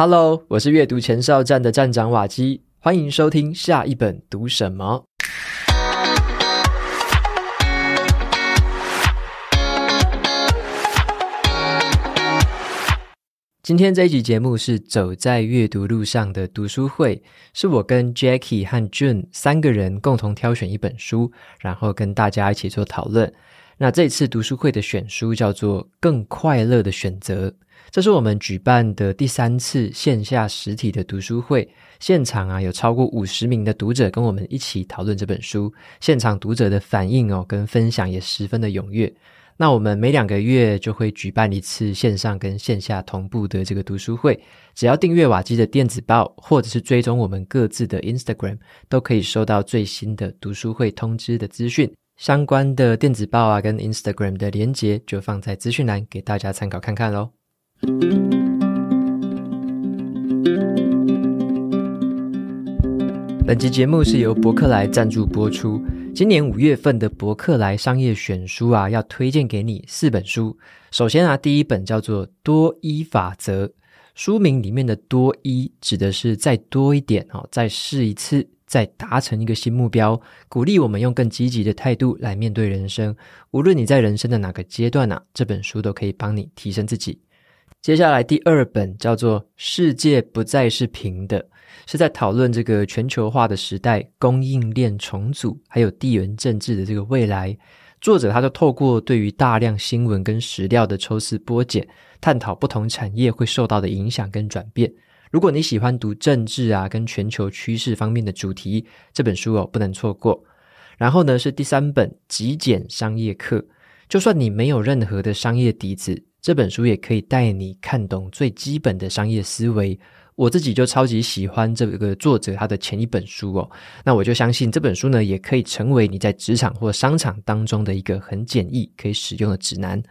Hello，我是閱讀前哨站的站長瓦基，歡迎收聽下一本讀什麼。今天這一集節目是走在閱讀路上的讀書會，是我跟 Jacky 和 Jun 三個人共同挑選一本書，然後跟大家一起做討論。那這一次讀書會的選書叫做《更快樂的選擇》，這是我們舉辦的第三次線下實體的讀書會。現場啊，有超過五十名的讀者跟我們一起討論這本書。現場讀者的反應哦，跟分享也十分的踊躍。那我們每兩個月就會舉辦一次線上跟線下同步的這個讀書會。只要訂閱瓦基的電子報，或者是追蹤我們各自的 Instagram，都可以收到最新的讀書會通知的資訊。相關的電子報啊，跟 Instagram 的連結就放在資訊欄，給大家參考看看咯。本期節目是由博客來贊助播出。今年五月份的博客來商業選書啊，要推薦給你四本書。首先啊，第一本叫做《多一法則》，書名裡面的“多一”指的是再多一點哦，再試一次。再達成一個新目標，鼓勵我們用更積極的態度來面對人生。無論你在人生的哪個階段啊，這本書都可以幫你提升自己。接下來第二本叫做《世界不再是平的》，是在討論這個全球化的時代、供應鏈重組還有地緣政治的這個未來。作者他就透過對於大量新聞跟史料的抽絲剝繭，探討不同產業會受到的影響跟轉變。如果你喜歡讀政治啊，跟全球趨勢方面的主題，這本書哦不能錯過。然後呢，是第三本《極簡商業課》，就算你沒有任何的商業底子，這本書也可以帶你看懂最基本的商業思維。我自己就超級喜歡這個作者他的前一本書哦，那我就相信這本書呢，也可以成為你在職場或商場當中的一個很簡易可以使用的指南。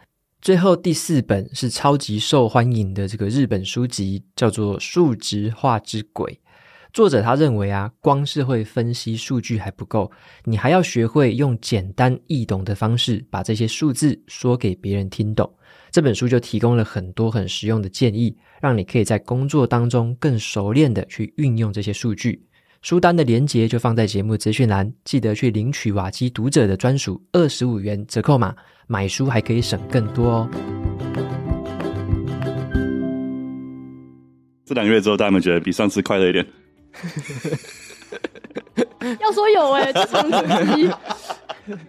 最後第四本是超級受歡迎的這個日本書籍，叫做《數值化之鬼》。作者他認為啊，光是會分析數據還不夠，你還要學會用簡單易懂的方式把這些數字說給別人聽懂。這本書就提供了很多很實用的建議，讓你可以在工作當中更熟練的去運用這些數據。書單的連結就放在節目資訊欄，記得去領取瓦基讀者的專屬二十五元折扣碼。買書還可以省更多哦！這兩個月之後，大家有沒有覺得比上次快樂一點？ 要說有哎、欸，這雙主機。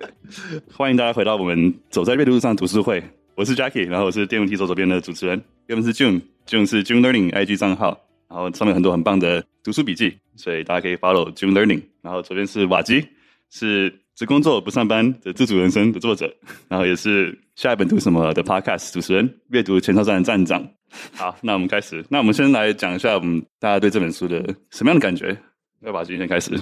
歡迎大家回到我們走在閱讀路上讀書會，我是 Jacky，然後我是電扶梯左手邊的主持人，右邊是 June，June June 是 June Learning IG 賬號，然後上面很多很棒的讀書筆記，所以大家可以 follow June Learning。然後左邊是瓦基，是。只工作不上班的自主人生的作者，然後也是下一本讀什麼的 Podcast 主持人，閱讀前哨站的站長。好，那我們開始。那我們先來講一下我們大家對這本書的什麼樣的感覺？要把今天先開始？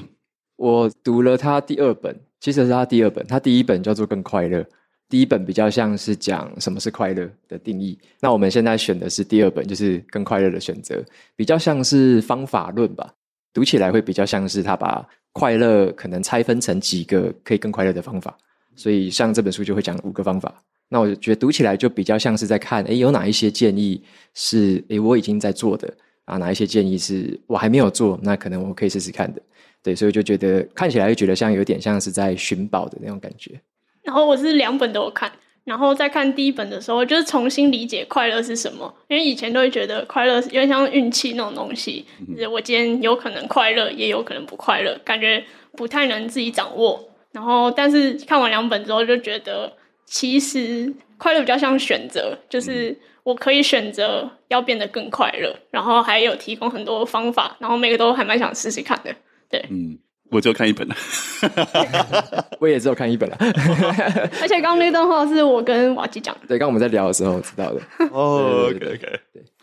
我讀了他第二本，其實是他第二本。他第一本叫做《更快樂》，第一本比較像是講什麼是快樂的定義。那我們現在選的是第二本，就是《更快樂的選擇》，比較像是方法論吧。讀起來會比較像是他把。快樂可能拆分成幾個可以更快樂的方法，所以像這本書就會講五個方法。那我覺得讀起來就比較像是在看，哎，有哪一些建議是哎我已經在做的啊？哪一些建議是我還沒有做？那可能我可以試試看的。對，所以就覺得看起來就覺得像有點像是在尋寶的那種感覺。然後我是兩本都有看。然後再看第一本的時候，就是重新理解快樂是什麼，因為以前都會覺得快樂有點像運氣那種東西，就是，我今天有可能快樂，也有可能不快樂，感覺不太能自己掌握。然後，但是看完兩本之後，就覺得其實快樂比較像選擇，就是我可以選擇要變得更快樂，然後還有提供很多方法，然後每個都還蠻想試試看的。對，嗯。我就看一本， 我也只有看一本了 而且剛剛那段話是我跟瓦基講。對，剛剛我們在聊的時候知道的。哦，OK OK。對。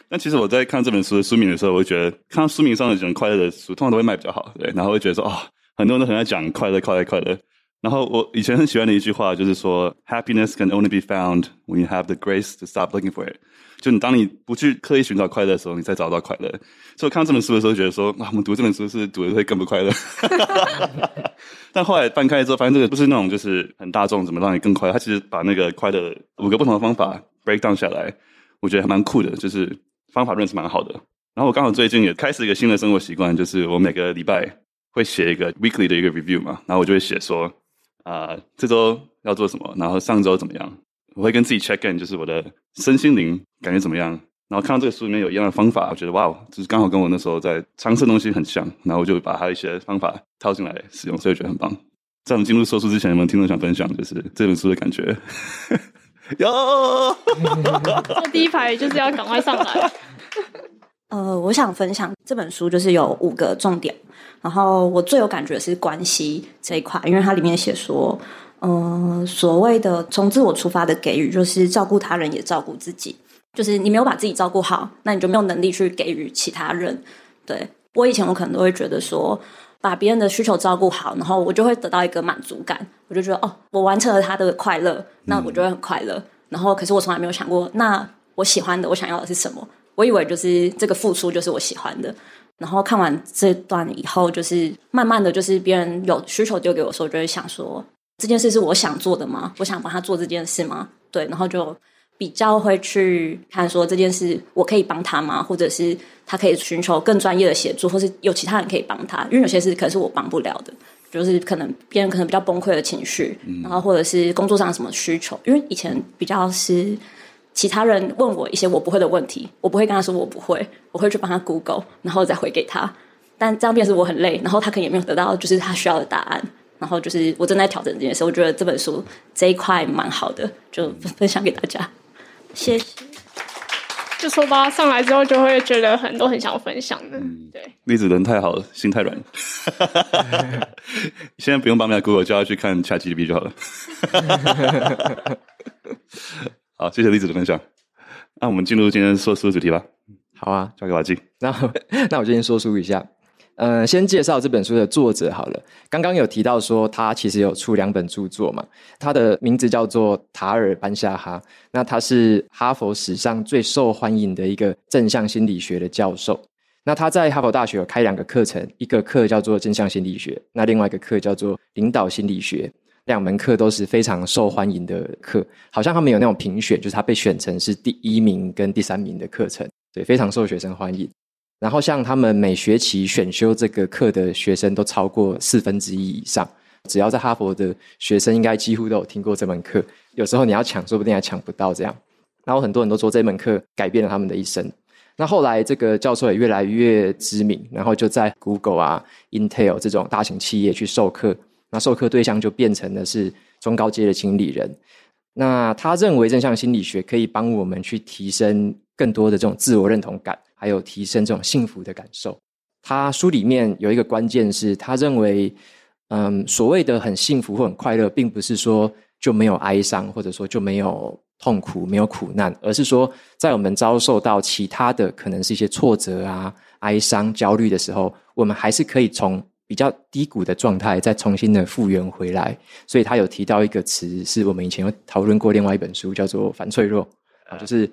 那其實我在看這本書的書名的時候，我就覺得，看到書名上的這種快樂的書，通常都會賣比較好。對。然後會覺得說，哦，很多人都很愛講快樂、快樂、快樂。然後我以前很喜歡的一句話就是說，Happiness can only be found when you have the grace to stop looking for it。就你當你不去刻意尋找快樂的時候，你才找到快樂。所以我看到這本書的時候，覺得說啊，我們讀這本書是讀的會更不快樂。 但後來翻開之後，發現這個不是那種就是很大眾怎麼讓你更快樂。他其實把那個快樂五個不同的方法 break down 下來，我覺得還蠻酷的，就是方法論是蠻好的。然後我剛好最近也開始一個新的生活習慣，就是我每個禮拜會寫一個 weekly 的一個 review 嘛，然後我就會寫說啊、呃，這週要做什麼，然後上週怎麼樣。我會跟自己 check in，就是我的身心靈感覺怎麼樣。然後看到這個書裡面有一樣的方法，我覺得哇，就是剛好跟我那時候在嘗試東西很像。然後我就把它一些方法套進來使用，所以我覺得很棒。在我們進入說書之前，有沒有聽眾想分享？就是這本書的感覺？喲 坐 Yo! 第一排就是要趕快上來。 呃，我想分享這本書就是有五個重點。然後我最有感覺的是關係這一塊，因為它裡面寫說。嗯、呃，所謂的從自我出發的給予，就是照顧他人也照顧自己。就是你沒有把自己照顧好，那你就沒有能力去給予其他人。對我以前，我可能都會覺得說，把別人的需求照顧好，然後我就會得到一個滿足感。我就覺得，哦，我完成了他的快樂，那我就會很快樂。嗯、然後，可是我從來沒有想過，那我喜歡的，我想要的是什麼？我以為就是這個付出就是我喜歡的。然後看完這段以後，就是慢慢的就是別人有需求丟給我的時候，就會想說。這件事是我想做的嗎？我想幫他做這件事嗎？對，然後就比較會去看說這件事我可以幫他嗎？或者是他可以尋求更專業的協助，或者是有其他人可以幫他？因為有些事可能是我幫不了的，就是可能別人可能比較崩潰的情緒，然後或者是工作上什麼需求。因為以前比較是其他人問我一些我不會的問題，我不會跟他說我不會，我會去幫他 Google，然後再回給他。但這樣變是我很累，然後他可能也沒有得到就是他需要的答案。然後就是我正在調整這件事，我覺得這本書這一塊蠻好的，就分享給大家。謝謝。就說吧，上來之後就會覺得很多很想分享的。對。栗、嗯、子人太好了，心太軟了。 現在不用把你的哥哥就要去看 ChatGPT 就好了。 好，謝謝栗子的分享。那我們進入今天說書的主題吧。好啊，交給瓦基。那我那我先說書一下。嗯，先介紹這本書的作者好了。剛剛有提到說，他其實有出兩本著作嘛。他的名字叫做塔爾班夏哈。那他是哈佛史上最受歡迎的一個正向心理學的教授。那他在哈佛大學有開兩個課程，一個課叫做正向心理學，那另外一個課叫做領導心理學。兩門課都是非常受歡迎的課，好像他們有那種評選，就是他被選成是第一名跟第三名的課程，對，非常受學生歡迎。然後，像他們每學期選修這個課的學生都超過四分之一以上。只要在哈佛的學生，應該幾乎都有聽過這門課。有時候你要搶，說不定還搶不到這樣。然後很多人都說這門課改變了他們的一生。那後來，這個教授也越來越知名，然後就在 Google 啊、Intel 這種大型企業去授課。那授課對象就變成的是中高階的經理人。那他認為正向心理學可以幫我們去提升更多的這種自我認同感。還有提升這種幸福的感受。他書裡面有一個關鍵是，他認為，嗯，所謂的很幸福或很快樂，並不是說就沒有哀傷，或者說就沒有痛苦、沒有苦難，而是說，在我們遭受到其他的可能是一些挫折啊、哀傷、焦慮的時候，我們還是可以從比較低谷的狀態再重新的復原回來。所以他有提到一個詞，是我們以前有討論過另外一本書，叫做《反脆弱》，啊、就是。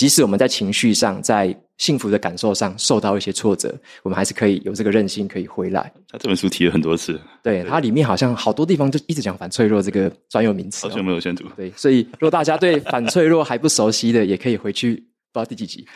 即使我們在情緒上、在幸福的感受上受到一些挫折，我們還是可以有這個韌性，可以回來。他這本書提了很多次，對，對，它裡面好像好多地方就一直講反脆弱這個專有名詞哦，好像沒有先讀。對，所以如果大家對反脆弱還不熟悉的， 也可以回去不知道第幾集，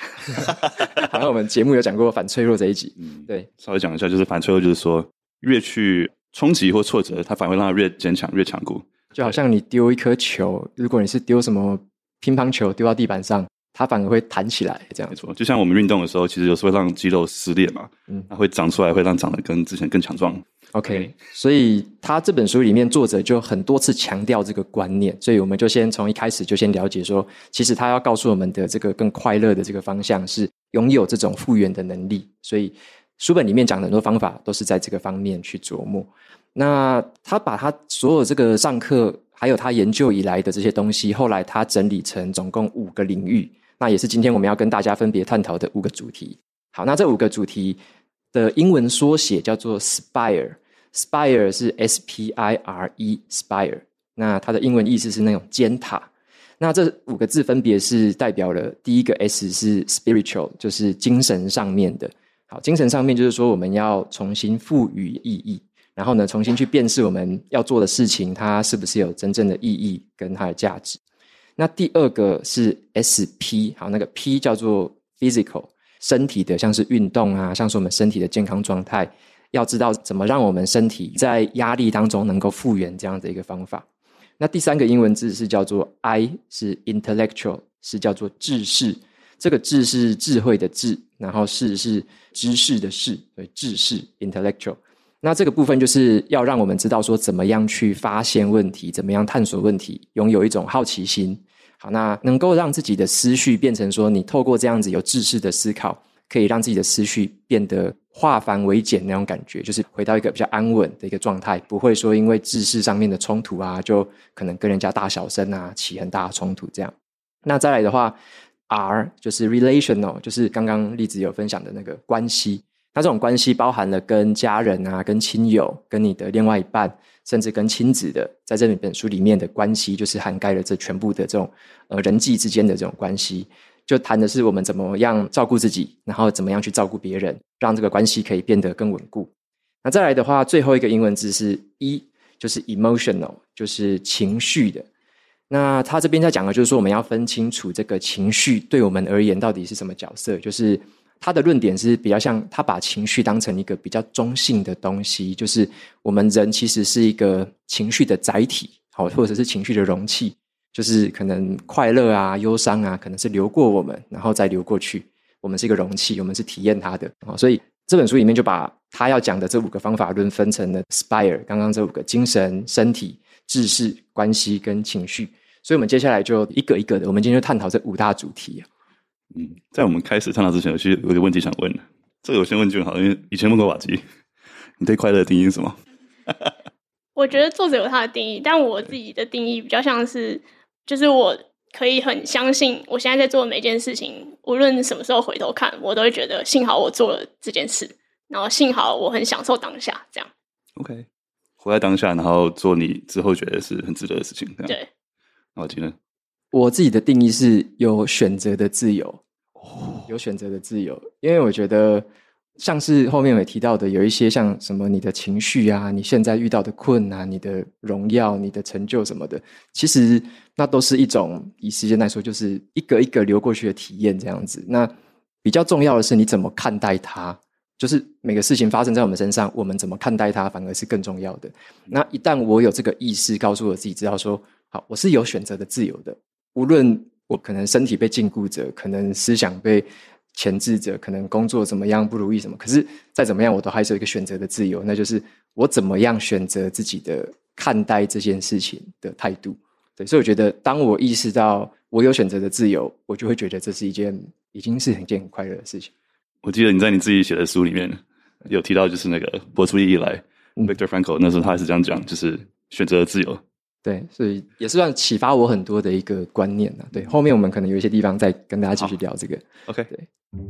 好像我們節目有講過反脆弱這一集。嗯，對，稍微講一下，就是反脆弱就是說，越去衝擊或挫折，它反而讓它越堅強、越強固。就好像你丟一顆球，如果你是丟什麼乒乓球，丟到地板上。它反而會彈起來，這樣。沒錯，就像我們運動的時候，其實有時候會讓肌肉撕裂嘛，嗯，它會長出來，會讓長得跟之前更強壯。OK，所以他這本書裡面作者就很多次強調這個觀念，所以我們就先從一開始就先了解說，其實他要告訴我們的這個更快樂的這個方向是擁有這種復原的能力。所以書本裡面講的很多方法都是在這個方面去琢磨。那他把他所有這個上課，還有他研究以來的這些東西，後來他整理成總共五個領域。那也是今天我們要跟大家分別探討的五個主題。好，那這五個主題的英文縮寫叫做 spire。spire 是 S-P-I-R-E spire。那它的英文意思是那種尖塔。那這五個字分別是代表了第一個 S 是 spiritual，就是精神上面的。好，精神上面就是說我們要重新賦予意義，然後呢，重新去辨識我們要做的事情它是不是有真正的意義跟它的價值。那第二個是 S P，好，那個 P 叫做 physical，身體的，像是運動啊，像是我們身體的健康狀態，要知道怎麼讓我們身體在壓力當中能夠復原這樣的一個方法。那第三個英文字是叫做 I，是 intellectual，是叫做智識，這個智是智慧的智，然後識是知識的識，對，所以智識 intellectual。那這個部分就是要讓我們知道說，怎麼樣去發現問題，怎麼樣探索問題，擁有一種好奇心。好，那能夠讓自己的思緒變成說，你透過這樣子有智識的思考，可以讓自己的思緒變得化繁為簡那種感覺，就是回到一個比較安穩的一個狀態，不會說因為智識上面的衝突啊，就可能跟人家大小聲啊，起很大的衝突這樣。那再來的話，R 就是 relational，就是剛剛例子有分享的那個關係。那這種關係包含了跟家人啊、跟親友、跟你的另外一半，甚至跟親子的，在這本書裡面的關係，就是涵蓋了這全部的這種呃人際之間的這種關係。就談的是我們怎麼樣照顧自己，然後怎麼樣去照顧別人，讓這個關係可以變得更穩固。那再來的話，最後一個英文字是 E，就是 emotional，就是情緒的。那他這邊在講的就是說，我們要分清楚這個情緒對我們而言到底是什麼角色，就是。他的論點是比較像他把情緒當成一個比較中性的東西，就是我們人其實是一個情緒的載體，好或者是情緒的容器，就是可能快樂啊、憂傷啊，可能是流過我們，然後再流過去。我們是一個容器，我們是體驗它的。所以這本書裡面就把他要講的這五個方法論分成了 SPIRE，剛剛這五個精神、身體、知識、關係跟情緒。所以我們接下來就一個一個的，我們今天就探討這五大主題。嗯，在我們開始探討之前，有些有去有個問題想問。這個我先問就好。因為以前問過瓦基，你對快樂的定義是什麼？ 我覺得作者有他的定義，但我自己的定義比較像是，就是我可以很相信，我現在在做的每一件事情，無論什麼時候回頭看，我都會覺得幸好我做了這件事，然後幸好我很享受當下。這樣。OK，活在當下，然後做你之後覺得是很值得的事情。對。然後，哦，今天，我自己的定義是有選擇的自由。有選擇的自由，因為我覺得像是後面我提到的，有一些像什麼你的情緒啊，你現在遇到的困難，你的榮耀、你的成就什麼的，其實那都是一種以時間來說，就是一個一個流過去的體驗，這樣子。那比較重要的是你怎麼看待它，就是每個事情發生在我們身上，我們怎麼看待它，反而是更重要的。那一旦我有這個意識，告訴我自己知道說，好，我是有選擇的自由的，無論。我可能身體被禁錮着，可能思想被鉗制着，可能工作怎麼樣不如意什麼。可是再怎麼樣，我都還是有一個選擇的自由，那就是我怎麼樣選擇自己的看待這件事情的態度。對，所以我覺得，當我意識到我有選擇的自由，我就會覺得這是一件已經是一件很快樂的事情。我記得你在你自己寫的書裡面有提到，就是那個活出意義來、嗯、，Victor Frankl 那時候他還是這樣講，就是選擇的自由。對，所以也是算啟發我很多的一個觀念呢。對，後面我們可能有一些地方再跟大家繼續聊這個。OK，對。Okay.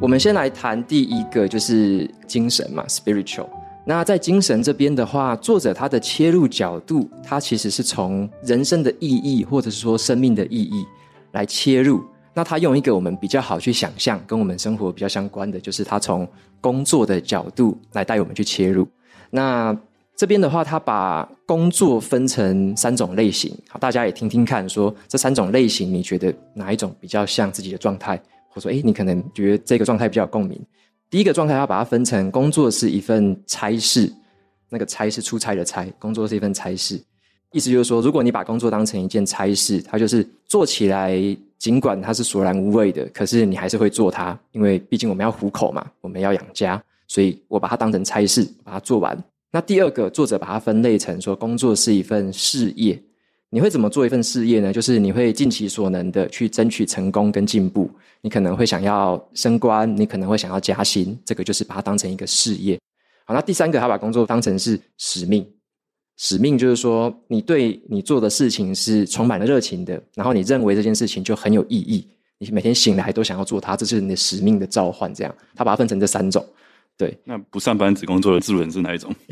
我們先來談第一個，就是精神嘛，spiritual。那在精神這邊的話，作者他的切入角度，他其實是從人生的意義，或者是說生命的意義來切入。那他用一個我們比較好去想象、跟我們生活比較相關的，就是他從工作的角度來帶我們去切入。那這邊的話，他把工作分成三種類型，好，大家也聽聽看說，說這三種類型你覺得哪一種比較像自己的狀態？或說，哎，你可能覺得這個狀態比較有共鳴。第一個狀態要把它分成工、那個，工作是一份差事，那個差是出差的差，工作是一份差事。意思就是說，如果你把工作當成一件差事，它就是做起來，儘管它是索然無味的，可是你還是會做它，因為畢竟我們要糊口嘛，我們要養家，所以我把它當成差事，把它做完。那第二個作者把它分類成說，工作是一份事業，你會怎麼做一份事業呢？就是你會盡其所能的去爭取成功跟進步。你可能會想要升官，你可能會想要加薪，這個就是把它當成一個事業。好，那第三個，他把工作當成是使命。使命就是說，你對你做的事情是充滿了熱情的，然後你認為這件事情就很有意義，你每天醒來都想要做它，這是你的使命的召喚。這樣，它把它分成這三種。對，那不上班只工作的自有人是哪一種？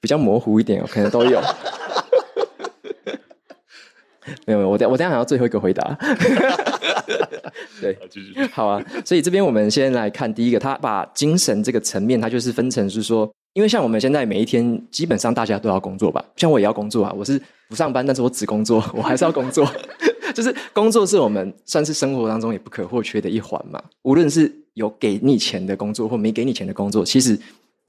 比較模糊一點哦，可能都有。 沒有，我等我等下還要最後一個回答。 對，好啊。所以這邊我們先來看第一個，他把精神這個層面，他就是分成是說，因為像我們現在每一天基本上大家都要工作吧，像我也要工作啊，我是不上班，但是我只工作，我還是要工作， 就是工作是我們算是生活當中也不可或缺的一環嘛。無論是有給你錢的工作或沒給你錢的工作，其實。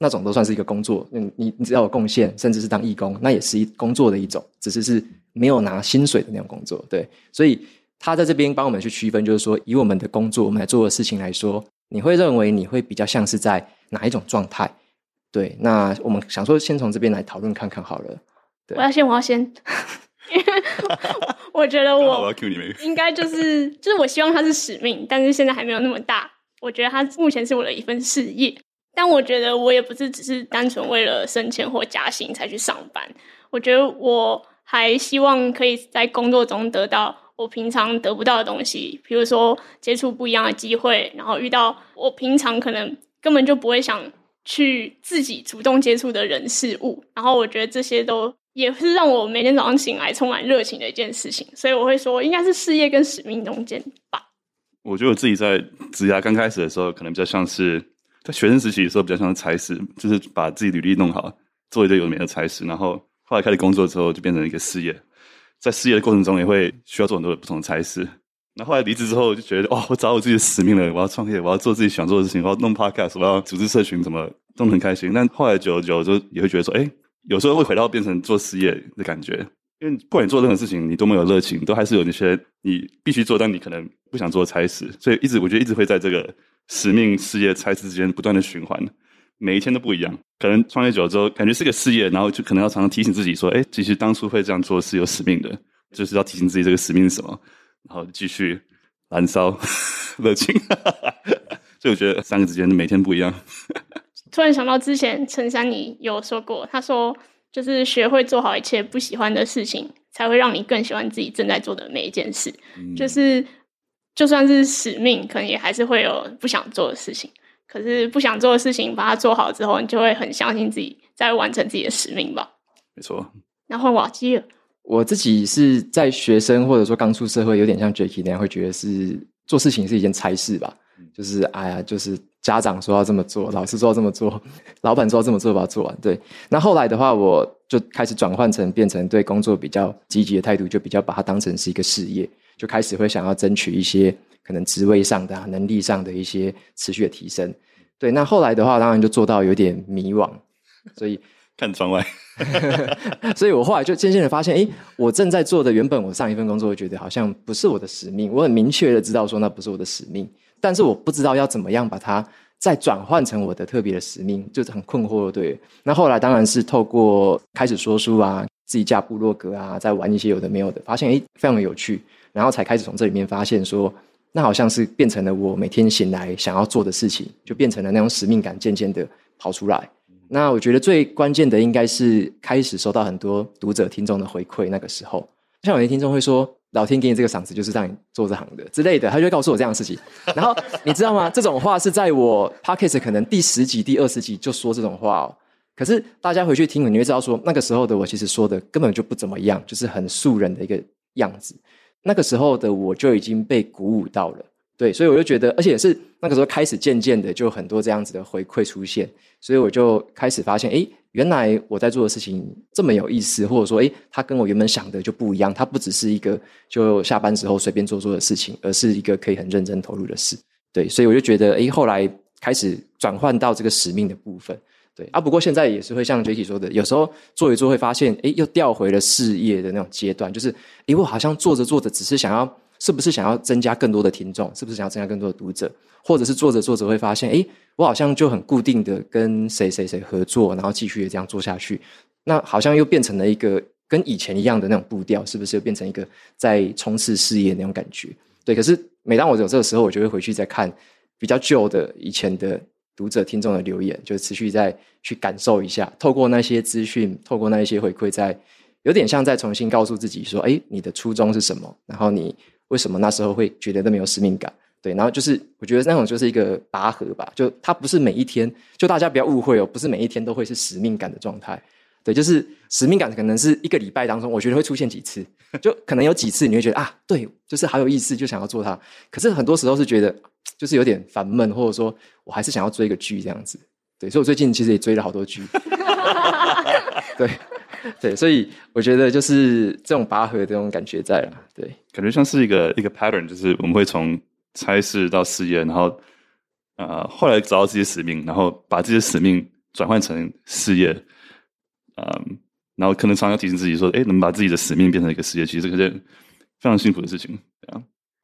那種都算是一個工作，你你只要有貢獻，甚至是當義工，那也是一工作的一種，只是是沒有拿薪水的那種工作。對，所以他在這邊幫我們去區分，就是說以我們的工作，我們來做的事情來說，你會認為你會比較像是在哪一種狀態？對，那我們想說，先從這邊來討論看看好了，對。我要先，我要先，因 為我覺得我應該就是，就是我希望他是使命，但是現在還沒有那麼大。我覺得他目前是我的一份事業。但我覺得，我也不是只是單純為了升遷或加薪才去上班。我覺得我還希望可以在工作中得到我平常得不到的東西，比如說接觸不一樣的機會，然後遇到我平常可能根本就不會想去自己主動接觸的人事物。然後我覺得這些都也是讓我每天早上醒來充滿熱情的一件事情。所以我會說，應該是事業跟使命中間吧。我覺得我自己在職涯剛開始的時候，可能比較像是。在學生時期的時候，比較像差事，就是把自己履歷弄好，做一堆有名的差事，然後後來開始工作之後，就變成一個事業。在事業的過程中，也會需要做很多的不同的差事。然後後來離職之後，就覺得哦，我找我自己的使命了，我要創業，我要做自己想做的事情，我要弄 podcast，我要組織社群什麼，都很開心。但後來久而久之，也會覺得說，哎、欸，有時候會回到變成做事業的感覺。因為不管你做任何事情，你多麼有熱情，都還是有那些你必須做，但你可能不想做的差事。所以一直我覺得一直會在這個使命、事業、差事之間不斷的循環，每一天都不一樣。可能創業久了之後，感覺是個事業，然後就可能要常常提醒自己說：“哎，其實當初會這樣做是有使命的，就是要提醒自己這個使命是什麼。”然後繼續燃燒呵呵熱情呵呵。所以我覺得三個之間的每天不一樣呵呵。突然想到之前陳珊妮有說過，她說。就是學會做好一切不喜歡的事情，才會讓你更喜歡自己正在做的每一件事。嗯。就是，就算是使命，可能也還是會有不想做的事情。可是不想做的事情，把它做好之後，你就會很相信自己在完成自己的使命吧。沒錯。那換瓦基了。我自己是在學生，或者說剛出社會，有點像 Jacky 那樣，會覺得是做事情是一件差事吧。嗯。就是，哎呀，就是。家長說要這麼做，老師說要這麼做，老闆說要這麼做，把它做完。對，那後來的話，我就開始轉換成變成對工作比較積極的態度，就比較把它當成是一個事業，就開始會想要爭取一些可能職位上的、啊、能力上的一些持續的提升。對，那後來的話，當然就做到有點迷惘，所以看窗外。 所以我後來就漸漸的發現，哎，我正在做的原本我上一份工作，我覺得好像不是我的使命。我很明確的知道說，那不是我的使命。但是我不知道要怎麼樣把它再轉換成我的特別的使命，就很困惑，對。那後來當然是透過開始說書啊，自己架部落格啊，再玩一些有的沒有的，發現哎，非常有趣，然後才開始從這裡面發現說，那好像是變成了我每天醒來想要做的事情，就變成了那種使命感，漸漸的跑出來。那我覺得最關鍵的應該是開始收到很多讀者聽眾的回饋，那個時候，像有些聽眾會說，老天給你這個嗓子，就是讓你做這行的之類的，他就會告訴我這樣的事情。然後 你知道嗎？這種話是在我 Podcast 可能第十集、第二十集就說這種話哦。可是大家回去聽，你會知道說那個時候的我其實說的根本就不怎麼樣，就是很素人的一個樣子。那個時候的我就已經被鼓舞到了，對，所以我就覺得，而且是那個時候開始漸漸的就很多這樣子的回饋出現，所以我就開始發現，誒原來我在做的事情這麼有意思，或者說，哎，它跟我原本想的就不一樣。它不只是一個就下班之後隨便做做的事情，而是一個可以很認真投入的事。對，所以我就覺得，哎，後來開始轉換到這個使命的部分。對，啊，不過現在也是會像 Jacky 說的，有時候做一做會發現，哎，又掉回了事業的那種階段，就是，哎，我好像做着做着，只是想要。是不是想要增加更多的聽眾？是不是想要增加更多的讀者？或者是做着做着會發現，哎，我好像就很固定的跟誰誰誰合作，然後繼續這樣做下去，那好像又變成了一個跟以前一樣的那種步調，是不是又變成一個在衝刺事業那種感覺？對。可是每當我有這個時候，我就會回去再看比較舊的以前的讀者、聽眾的留言，就持續再去感受一下，透過那些資訊，透過那一些回饋，在有點像在重新告訴自己說，哎，你的初衷是什麼？然後你。為什麼那時候會覺得都沒有使命感？對，然後就是我覺得那種就是一個拔河吧，就它不是每一天，就大家不要誤會哦，不是每一天都會是使命感的狀態。對，就是使命感可能是一個禮拜當中，我覺得會出現幾次，就可能有幾次你會覺得啊，對，就是好有意思，就想要做它。可是很多時候是覺得就是有點煩悶，或者說我還是想要追一個劇這樣子。對，所以我最近其實也追了好多劇。對。對，所以我覺得就是這種拔河的這種感覺在了。對，感覺像是一個一個 pattern，就是我們會從差事到事業，然後呃，後來找到自己的使命，然後把自己的使命轉換成事業，嗯，然後可能常常提醒自己說：“哎，能把自己的使命變成一個事業，其實這個是非常幸福的事情。”對啊。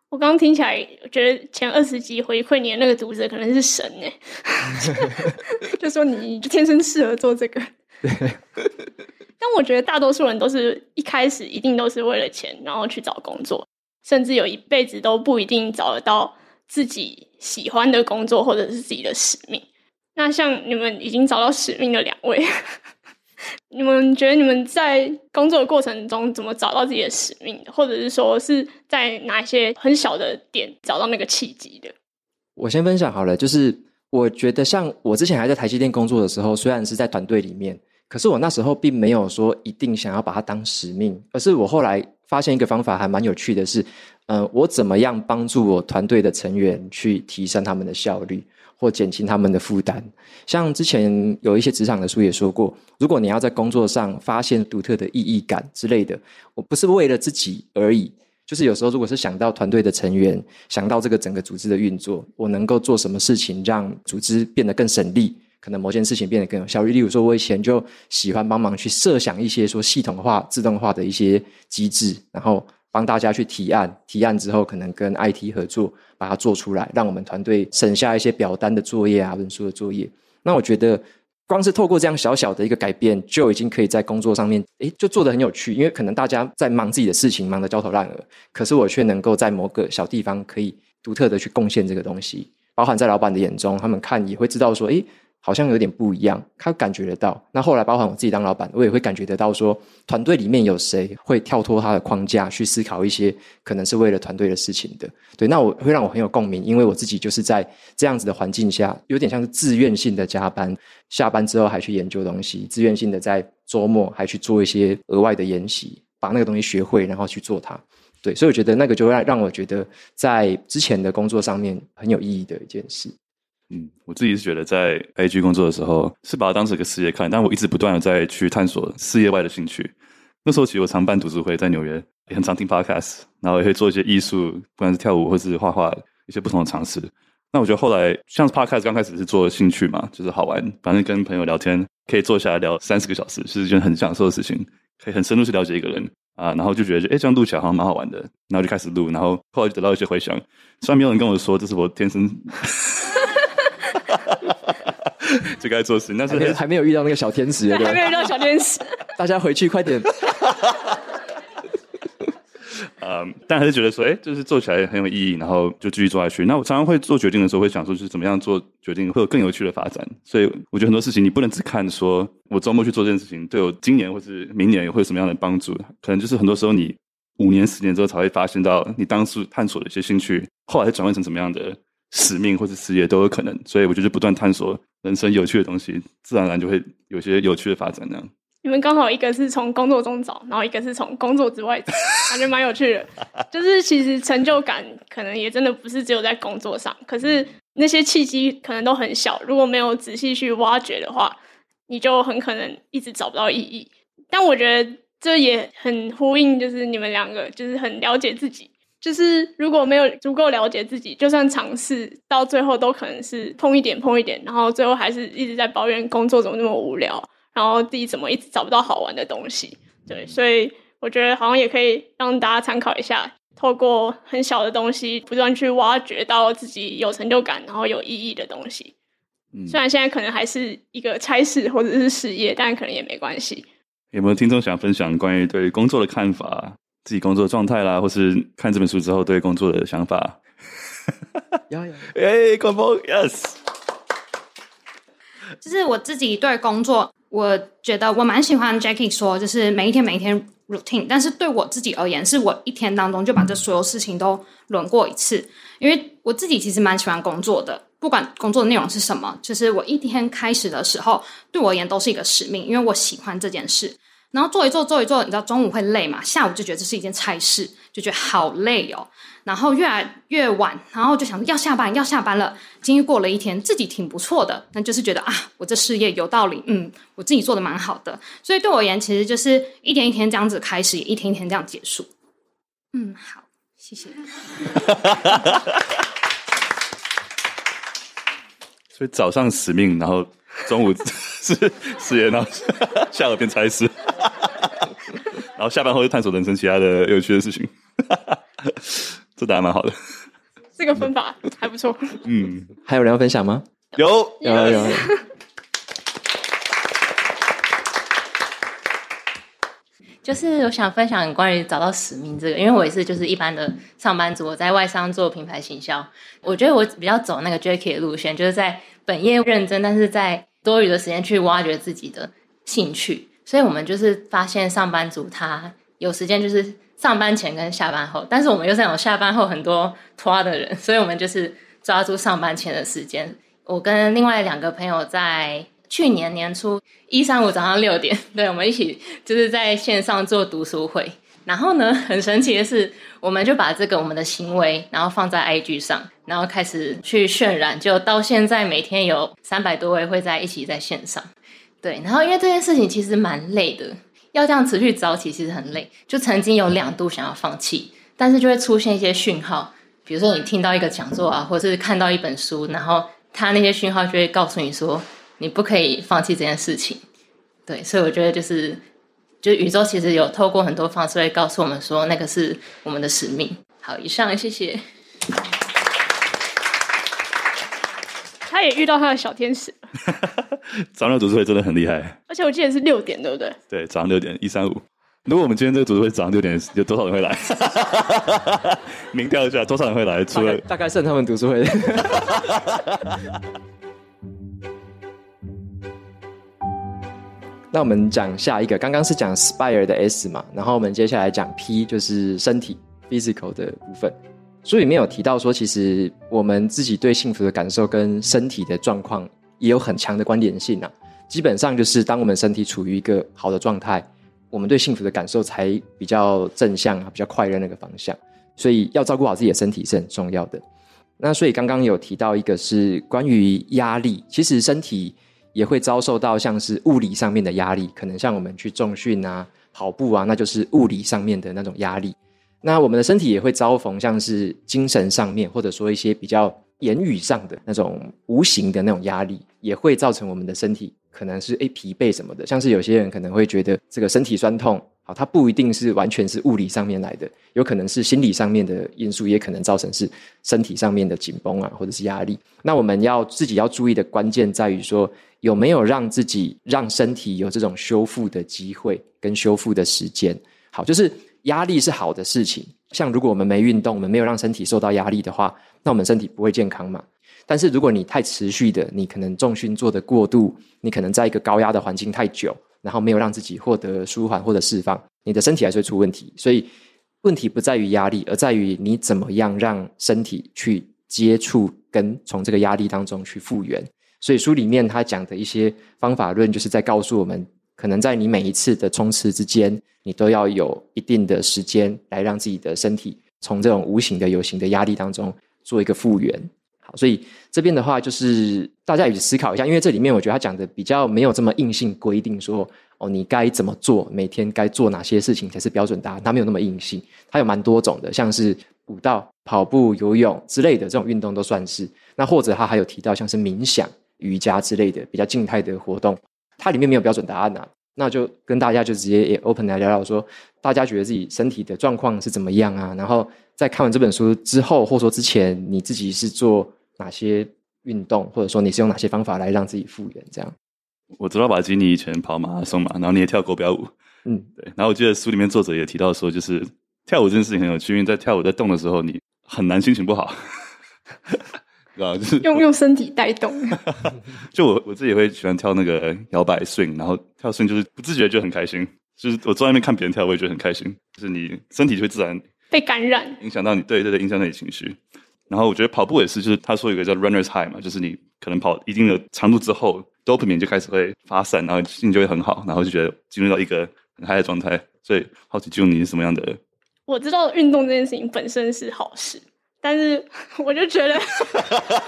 我剛剛聽起來，我覺得前二十集回饋你的那個讀者可能是神哎， 就說你就天生適合做這個。 但我覺得大多數人都是一開始一定都是為了錢，然後去找工作，甚至有一輩子都不一定找得到自己喜歡的工作，或者是自己的使命。那像你們已經找到使命的兩位，你們覺得你們在工作的過程中怎麼找到自己的使命，或者是說是在哪一些很小的點找到那個契機的？我先分享好了，就是我覺得像我之前還在台積電工作的時候，雖然是在團隊裡面。可是我那時候並沒有說一定想要把它當使命，而是我後來發現一個方法還蠻有趣的是，嗯、呃，我怎麼樣幫助我團隊的成員去提升他們的效率或減輕他們的負擔。像之前有一些職場的書也說過，如果你要在工作上發現獨特的意義感之類的，我不是為了自己而已，就是有時候如果是想到團隊的成員，想到這個整個組織的運作，我能夠做什麼事情讓組織變得更省力。可能某件事情變得更有效率。例如說，我以前就喜歡幫忙去設想一些說系統化、自動化的一些機制，然後幫大家去提案。提案之後，可能跟 IT 合作把它做出來，讓我們團隊省下一些表單的作業啊、文書的作業。那我覺得，光是透過這樣小小的一個改變，就已經可以在工作上面，誒，就做得很有趣。因為可能大家在忙自己的事情，忙得焦頭爛額，可是我卻能夠在某個小地方可以獨特的去貢獻這個東西。包含在老板的眼中，他們看也會知道說，哎。好像有點不一樣，他感覺得到。那後來，包括我自己當老闆，我也會感覺得到說，說團隊裡面有誰會跳脫他的框架去思考一些可能是為了團隊的事情的。對，那我會讓我很有共鳴，因為我自己就是在這樣子的環境下，有點像是自願性的加班，下班之後還去研究東西，自願性的在周末還去做一些額外的研習，把那個東西學會，然後去做它。對，所以我覺得那個就會讓我覺得在之前的工作上面很有意義的一件事。嗯，我自己是覺得在 AG 工作的時候，是把它當成一個事業看，但我一直不斷的在去探索事業外的興趣。那時候其實我常辦讀書會，在紐約也很常聽 podcast，然後也會做一些藝術，不管是跳舞或是畫畫，一些不同的嘗試。那我覺得後來像是 podcast，剛開始是做興趣嘛，就是好玩，反正跟朋友聊天可以坐下來聊三四個小時，就是一件很享受的事情，可以很深入去了解一個人啊。然後就覺得就，誒這樣錄起來好像蠻好玩的，然後就開始錄，然後後來就得到一些回響。雖然沒有人跟我說這是我天生。 就該做事，那是還沒有遇到那個小天使，還沒有遇到小天使。 大家回去快點。 um, 但還是覺得說，哎、欸，就是做起來很有意義，然後就繼續做下去。那我常常會做決定的時候，會想說，就是怎麼樣做決定會有更有趣的發展。所以我覺得很多事情，你不能只看說，我周末去做這件事情，對我今年或是明年有會有什麼樣的幫助。可能就是很多時候，你五年、十年之後才會發現到，你當初探索的一些興趣，後來轉換成什麼樣的使命或者事業都有可能。所以我覺得不斷探索人生有趣的東西，自然而然就會有些有趣的發展這樣。這你們剛好一個是從工作中找，然後一個是從工作之外找，感覺蠻有趣的。 就是其實成就感可能也真的不是只有在工作上，可是那些契機可能都很小，如果沒有仔細去挖掘的話，你就很可能一直找不到意義。但我覺得這也很呼應，就是你們兩個就是很了解自己。就是如果沒有足夠了解自己，就算嘗試到最後，都可能是碰一點碰一點，然後最後還是一直在抱怨工作怎麼那麼無聊，然後自己怎麼一直找不到好玩的東西。對，所以我覺得好像也可以讓大家參考一下，透過很小的東西，不斷去挖掘到自己有成就感、然後有意義的東西。嗯，雖然現在可能還是一個差事或者是事業，但可能也沒關係。有沒有聽眾想分享關於對工作的看法？自己工作狀態啦，或是看這本書之後對工作的想法，有有哎，官方 yes，就是我自己對工作，我覺得我蠻喜歡 Jacky 說，就是每一天每一天 routine，但是對我自己而言，是我一天當中就把這所有事情都輪過一次。因為我自己其實蠻喜歡工作的，不管工作的內容是什麼，就是我一天開始的時候，對我而言都是一個使命，因為我喜歡這件事。然後做一做做一做，你知道中午會累嘛？下午就覺得這是一件差事，就覺得好累哦。然後越來越晚，然後就想要下班，要下班了。今天過了一天，自己挺不錯的，那就是覺得啊，我這事業有道理，嗯，我自己做的蠻好的。所以對我而言，其實就是一天一天這樣子開始，也一天一天這樣結束。嗯，好，謝謝。哈哈哈！哈哈！所以早上使命，然後，中午是事業，然後 下午變差事， 然後下班後就探索人生其他的有趣的事情。 這答案蠻好的，這個分法 還不錯。嗯，還有人要分享嗎？有有、yes! 呃、有。有就是我想分享關於找到使命這個，因為我也是就是一般的上班族，我在外商做品牌行銷，我覺得我比較走那個 Jacky 的路線，就是在本業認真，但是在多餘的時間去挖掘自己的興趣。所以我們就是發現上班族他有時間就是上班前跟下班後，但是我們又知道下班後很多拖的人，所以我們就是抓住上班前的時間。我跟另外兩個朋友在。去年年初一三五早上六點，對，我們一起就是在線上做讀書會。然後呢，很神奇的是，我們就把這個我們的行為，然後放在 IG 上，然後開始去渲染。就到現在，每天有三百多位會在一起在線上。對，然後因為這件事情其實蠻累的，要這樣持續早起其實很累。就曾經有兩度想要放棄，但是就會出現一些訊號，比如說你聽到一個講座啊，或者是看到一本書，然後他那些訊號就會告訴你說。你不可以放棄這件事情，對，所以我覺得就是，就是宇宙其實有透過很多方式會告訴我們說，那個是我們的使命。好，以上，謝謝。他也遇到他的小天使。 早上讀書會真的很厲害。而且我記得是六點，對不對？對，早上六點一三五。如果我們今天這個讀書會早上六點，有多少人會來？民 調一下，多少人會來？除了大概，大概剩他們讀書會。 那我們講下一個，剛剛是講 SPIRE 的 S 嘛，然後我們接下來講 P，就是身體 physical 的部分。書裡面有提到說，其實我們自己對幸福的感受跟身體的狀況也有很強的關聯性啊。基本上就是，當我們身體處於一個好的狀態，我們對幸福的感受才比較正向、比較快樂那個方向。所以要照顧好自己的身體是很重要的。那所以剛剛有提到一個，是關於壓力，其實身體。也會遭受到像是物理上面的壓力，可能像我們去重訓啊、跑步啊，那就是物理上面的那種壓力。那我們的身體也會遭逢像是精神上面，或者說一些比較言語上的那種無形的那種壓力，也會造成我們的身體可能是誒疲憊什麼的，像是有些人可能會覺得這個身體痠痛。好，它不一定是完全是物理上面來的，有可能是心理上面的因素，也可能造成是身體上面的緊繃啊，或者是壓力。那我們要自己要注意的關鍵在於說，有沒有讓自己讓身體有這種修復的機會跟修復的時間。好，就是壓力是好的事情，像如果我們沒運動，我們沒有讓身體受到壓力的話，那我們身體不會健康嘛。但是如果你太持續的，你可能重訓做得過度，你可能在一個高壓的環境太久。然後沒有讓自己獲得舒緩或者釋放，你的身體還是會出問題。所以問題不在於壓力，而在於你怎麼樣讓身體去接觸跟從這個壓力當中去復原。所以書裡面他講的一些方法論，就是在告訴我們，可能在你每一次的衝刺之間，你都要有一定的時間來讓自己的身體從這種無形的有形的壓力當中做一個復原。好，所以這邊的話，就是大家也思考一下，因為這裡面我覺得他講的比較沒有這麼硬性規定說，說哦，你該怎麼做，每天該做哪些事情才是標準答案，他沒有那麼硬性，他有蠻多種的，像是舞蹈、跑步、游泳之類的這種運動都算是。那或者他還有提到像是冥想、瑜伽之類的比較靜態的活動，它裡面沒有標準答案啊，那就跟大家就直接也 open 來聊聊說，說大家覺得自己身體的狀況是怎麼樣啊，然後。在看完這本書之後，或者說之前，你自己是做哪些運動，或者說你是用哪些方法來讓自己復原？這樣我知道 Jacky 你以前跑馬拉松嘛，然後你也跳國標舞，嗯，對。然後我記得書裡面作者也提到說，就是跳舞這件事情很有趣，因為在跳舞在動的時候，你很難心情不好，對吧？就是用用身體帶動。 就我我自己會喜歡跳那個搖擺 swing，然後跳 swing 就是不自覺就很開心，就是我坐在那邊看別人跳，我也覺得很開心，就是你身體就會自然、嗯。被感染，影響到你，對對對，對，影響到你情緒。然後我覺得跑步也是，就是他說有個叫 runner's high 嘛，就是你可能跑一定的長度之後 ，dopamine 就開始會發散，然後心情就會很好，然後就覺得進入到一個很嗨的狀態。所以好奇就，究竟你是什麼樣的？我知道運動這件事情本身是好事，但是我就覺得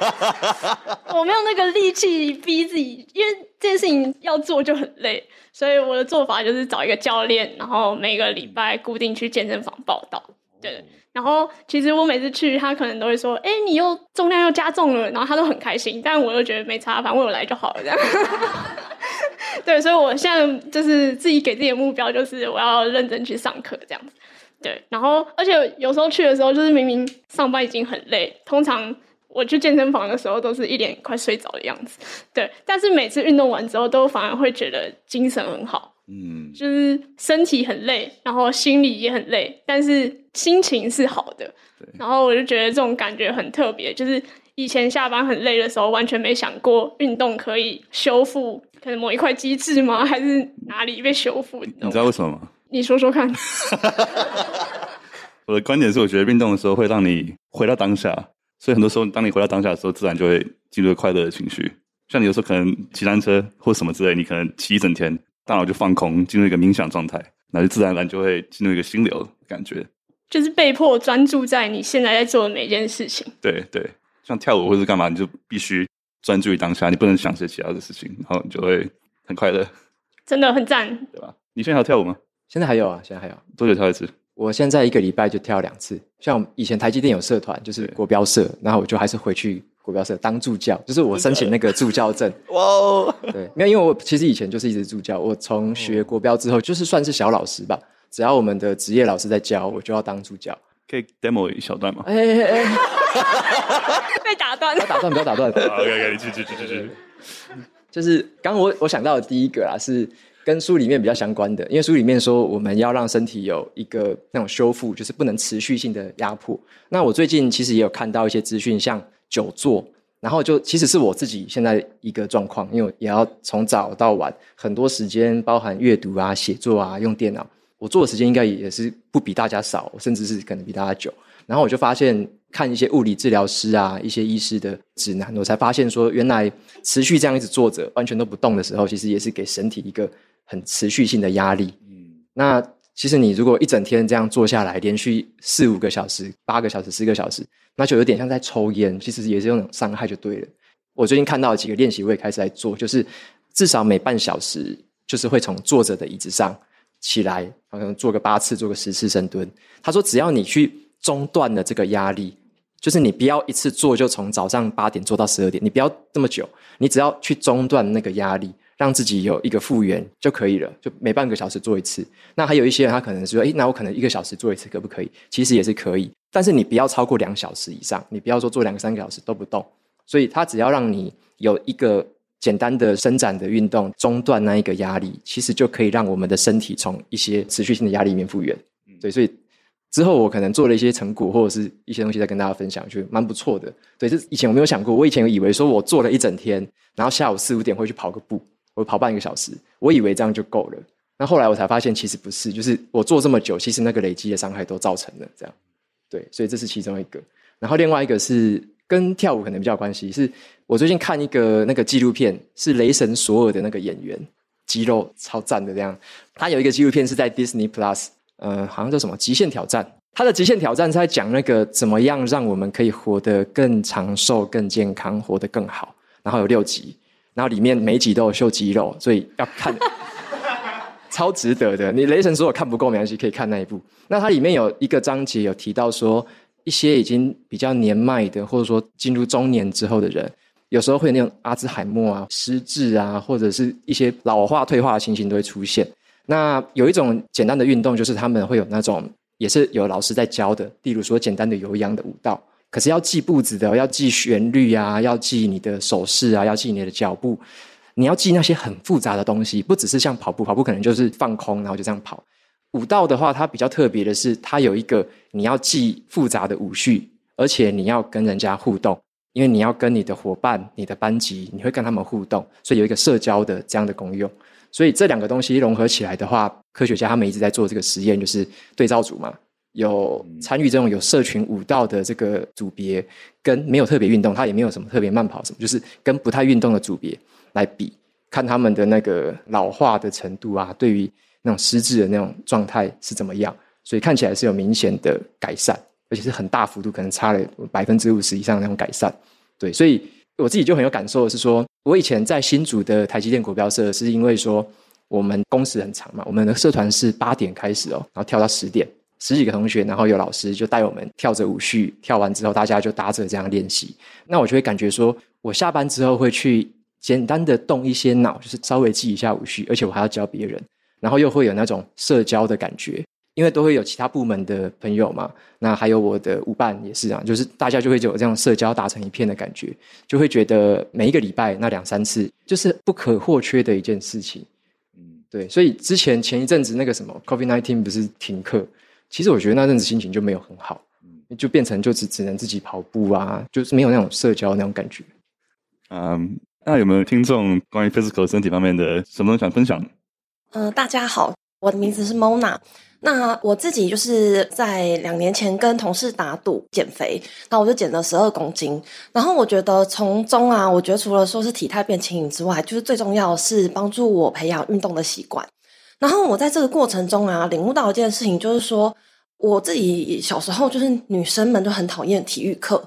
我沒有那個力氣逼自己，因為這件事情要做就很累，所以我的做法就是找一個教練，然後每個禮拜固定去健身房報到。對，然後其實我每次去，他可能都會說：“哎，你又重量又加重了。”然後他都很開心，但我又覺得沒差，反正我來就好了。這樣， 對，所以我現在就是自己給自己的目標，就是我要認真去上課，這樣子。對，然後而且有時候去的時候，就是明明上班已經很累，通常我去健身房的時候，都是一臉快睡着的樣子。對，但是每次運動完之後，都反而會覺得精神很好。嗯，就是身體很累，然後心裡也很累，但是心情是好的。對，然後我就覺得這種感覺很特別。就是以前下班很累的時候，完全沒想過運動可以修復，可能某一塊機制嗎？還是哪裡被修復？你知道為什麼嗎？你說說看 。 我的觀點是，我覺得運動的時候會讓你回到當下，所以很多時候，當你回到當下的時候，自然就會進入快樂的情緒。像你有時候可能騎單車或什麼之類，你可能騎一整天。大腦就放空，進入一個冥想狀態，那就自然而然就會進入一個心流的感覺，就是被迫專注在你現在在做的每件事情。對對，像跳舞或是幹嘛，你就必須專注於當下，你不能想些其他的事情，然後你就會很快樂，真的很讚，對吧？你現在還有跳舞嗎？現在還有啊，現在還有啊，多久跳一次？我現在一個禮拜就跳兩次，像以前台積電有社團，就是國標社，然後我就還是回去。國標是當助教，就是我申請那個助教證。哇哦，wow. 對，沒有，因為因為我其實以前就是一直助教，我從學國標之後、wow. 就是算是小老師吧。只要我們的職業老師在教，我就要當助教。可以 demo 一小段嗎？哎哎哎， 被打斷了，打斷不要打斷，可以可以，去去去去去。就是剛剛我我想到的第一個啊，是跟書裡面比較相關的，因為書裡面說我們要讓身體有一個那種修復，就是不能持續性的壓迫。那我最近其實也有看到一些資訊，像。久坐，然後就其實是我自己現在一個狀況，因為也要從早到晚很多時間，包含閱讀啊、寫作啊、用電腦，我坐的時間應該也是不比大家少，甚至是可能比大家久。然後我就發現看一些物理治療師啊、一些醫師的指南，我才發現說，原來持續這樣一直坐着，完全都不動的時候，其實也是給身體一個很持續性的壓力。嗯，那。其實你如果一整天這樣坐下來，連續四五個小時、八個小時、十個小時，那就有點像在抽菸。其實也是一種傷害就對了。我最近看到了幾個練習我也開始在做，就是至少每半小時，就是會從坐着的椅子上起來，好像做個八次、做個十次深蹲。他說，只要你去中斷了這個壓力，就是你不要一次坐就從早上八點坐到十二點，你不要這麼久，你只要去中斷那個壓力。讓自己有一個復原就可以了，就每半個小時做一次。那還有一些人，他可能是說：“哎，那我可能一個小時做一次，可不可以？”其實也是可以，但是你不要超過兩小時以上，你不要說做兩個三個小時都不動。所以，它只要讓你有一個簡單的伸展的運動，中斷那一個壓力，其實就可以讓我們的身體從一些持續性的壓力裡面復原。對，所以之後我可能做了一些成果或者是一些東西再跟大家分享，就蠻不錯的。對，這以前我沒有想過，我以前以為說我做了一整天，然後下午四五點會去跑個步。我跑半個小時，我以為這樣就夠了。那後來我才發現，其實不是。就是我做這麼久，其實那個累積的傷害都造成了這樣。對，所以這是其中一個。然後另外一個是跟跳舞可能比較有關係，是我最近看一個那個紀錄片，是雷神索爾的那個演員，肌肉超贊的這樣。他有一個紀錄片是在 Disney Plus，嗯、呃，好像叫什麼《極限挑戰》。他的《極限挑戰》是在講那個怎麼樣讓我們可以活得更長壽、更健康、活得更好。然後有六集。然後裡面每集都有秀肌肉，所以要看， 超值得的。你雷神說我看不夠，沒關係，可以看那一部。那它裡面有一個章節有提到說，一些已經比較年邁的，或者說進入中年之後的人，有時候會有那種阿茲海默啊、失智啊，或者是一些老化退化的情形都會出現。那有一種簡單的運動，就是他們會有那種也是有老師在教的，例如說簡單的有氧的舞蹈。可是要記步子的，要記旋律啊，要記你的手勢啊，要記你的腳步。你要記那些很複雜的東西，不只是像跑步，跑步可能就是放空，然後就這樣跑。舞蹈的話，它比較特別的是，它有一個你要記複雜的舞序，而且你要跟人家互動，因為你要跟你的夥伴、你的班級，你會跟他們互動，所以有一個社交的這樣的功用。所以這兩個東西融合起來的話，科學家他們一直在做這個實驗，就是對照組嘛。有參與這種有社群舞蹈的這個組別，跟沒有特別運動，他也沒有什麼特別慢跑什麼，就是跟不太運動的組別來比，看他們的那個老化的程度啊，對於那種失智的那種狀態是怎麼樣，所以看起來是有明顯的改善，而且是很大幅度，可能差了百分之五十以上的那種改善。對，所以我自己就很有感受的是說，我以前在新竹的台積電國標社，是因為說我們工時很長嘛，我們的社團是八點開始哦，然後跳到十點。十幾個同學，然後有老師就帶我們跳着舞序，跳完之後大家就打著這樣練習。那我就會感覺說，我下班之後會去簡單的動一些腦，就是稍微記一下舞序，而且我還要教別人，然後又會有那種社交的感覺，因為都會有其他部門的朋友嘛。那還有我的舞伴也是啊，就是大家就會有這種社交打成一片的感覺，就會覺得每一個禮拜那兩三次就是不可或缺的一件事情。嗯，對，所以之前前一陣子那個什麼 COVID nineteen 不是停課。其實我覺得那陣子心情就沒有很好，就變成就只只能自己跑步啊，就是沒有那種社交那種感覺。嗯，那有沒有聽眾關於 physical 身體方面的什麼東西想分享？呃，大家好，我的名字是 Mona。那我自己就是在兩年前跟同事打賭減肥，那我就減了十二公斤。然後我覺得從中啊，我覺得除了說是體態變輕盈之外，就是最重要的是幫助我培養運動的習慣。然後我在這個過程中啊，領悟到一件事情，就是說我自己小時候就是女生們就很討厭體育課。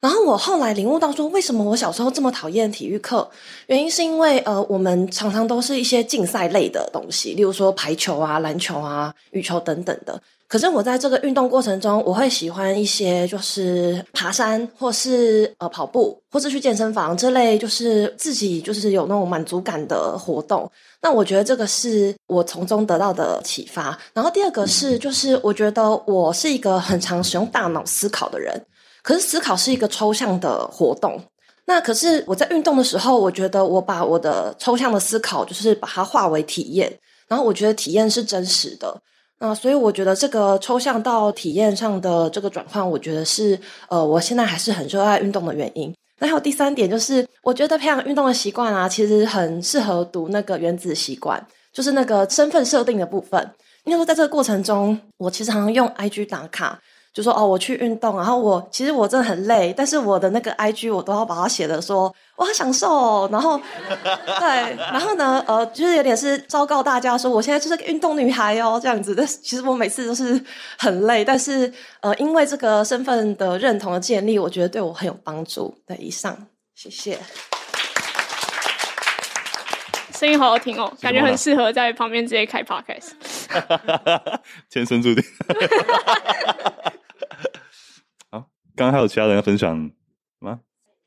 然後我後來領悟到，說為什麼我小時候這麼討厭體育課，原因是因為呃，我們常常都是一些競賽類的東西，例如說排球啊、籃球啊、羽球等等的。可是我在這個運動過程中，我會喜歡一些就是爬山，或是呃跑步，或是去健身房之類，就是自己就是有那種滿足感的活動。那我覺得這個是我從中得到的啟發。然後第二個是，就是我覺得我是一個很常使用大腦思考的人，可是思考是一個抽象的活動。那可是我在運動的時候，我覺得我把我的抽象的思考，就是把它化為體驗。然後我覺得體驗是真實的。那所以我覺得這個抽象到體驗上的這個轉換，我覺得是呃，我現在還是很熱愛運動的原因。然後第三點就是，我覺得培養運動的習慣啊，其實很適合讀那個原子習慣，就是那個身份設定的部分。因為說在這個過程中，我其實好像用 IG 打卡，就說哦，我去運動，然後我其實我真的很累，但是我的那個 IG 我都要把它寫的說。我很享受，哦，然後，對，然後呢，呃，就是有點是昭告大家說，我現在就是個運動女孩哦，這樣子。但其實我每次都是很累，但是，呃，因為這個身份的認同和建立，我覺得對我很有幫助。對，以上，謝謝。聲音好好聽哦，啊，感覺很適合在旁邊直接開 podcast。 前生身注定。 好，剛剛還有其他人要分享？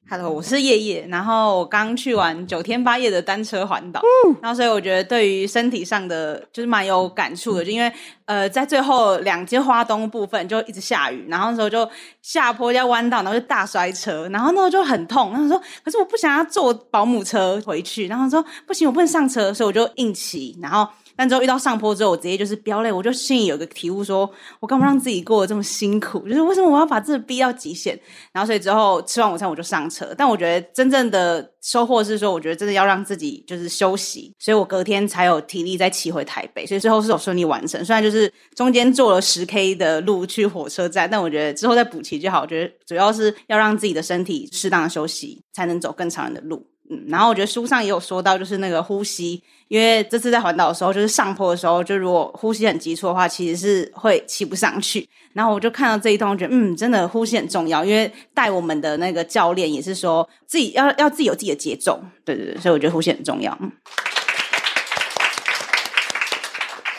Hello，我是葉葉，然後我剛去完九天八夜的單車環島，嗯、然後所以我覺得對於身體上的就是蠻有感觸的，嗯、就因為呃在最後兩階花東部分就一直下雨，然後那時候就下坡加彎道，然後就大摔車，然後那時候就很痛，然後說可是我不想要坐保姆車回去，然後說不行，我不能上車，所以我就硬騎，然後。但之後遇到上坡之後，我直接就是飆淚。我就心裡有個體悟說，說我幹嘛讓自己過得這麼辛苦？就是為什麼我要把自己逼到極限？然後所以之後吃完午餐我就上車。但我覺得真正的收穫是說，我覺得真的要讓自己就是休息，所以我隔天才有體力再騎回台北。所以最後是有順利完成。雖然就是中間坐了十 K 的路去火車站，但我覺得之後再補騎就好。我覺得主要是要讓自己的身體適當的休息，才能走更長遠的路。嗯，然後我覺得書上也有說到，就是那個呼吸，因為這次在環島的時候，就是上坡的時候，就如果呼吸很急促的話，其實是會騎不上去。然後我就看到這一段，我覺得嗯，真的呼吸很重要，因為帶我們的那個教練也是說自己要要自己有自己的節奏，對對對，所以我覺得呼吸很重要。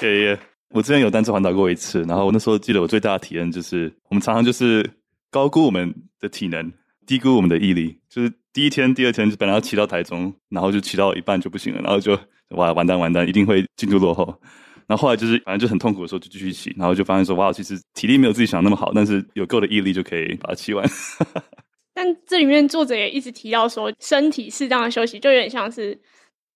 Yeah, yeah. 我之前有單次環島過一次，然後我那時候記得我最大的體驗就是，我們常常就是高估我們的體能，低估我們的毅力，就是。第一天、第二天就本來要騎到台中，然後就騎到一半就不行了，然後就哇完蛋完蛋，一定會進度落後。然後後來就是反正就很痛苦的時候就繼續騎，然後就發現說哇，其實體力沒有自己想那麼好，但是有夠的毅力就可以把它騎完。 但這裡面作者也一直提到說，身體適當的休息就有點像是，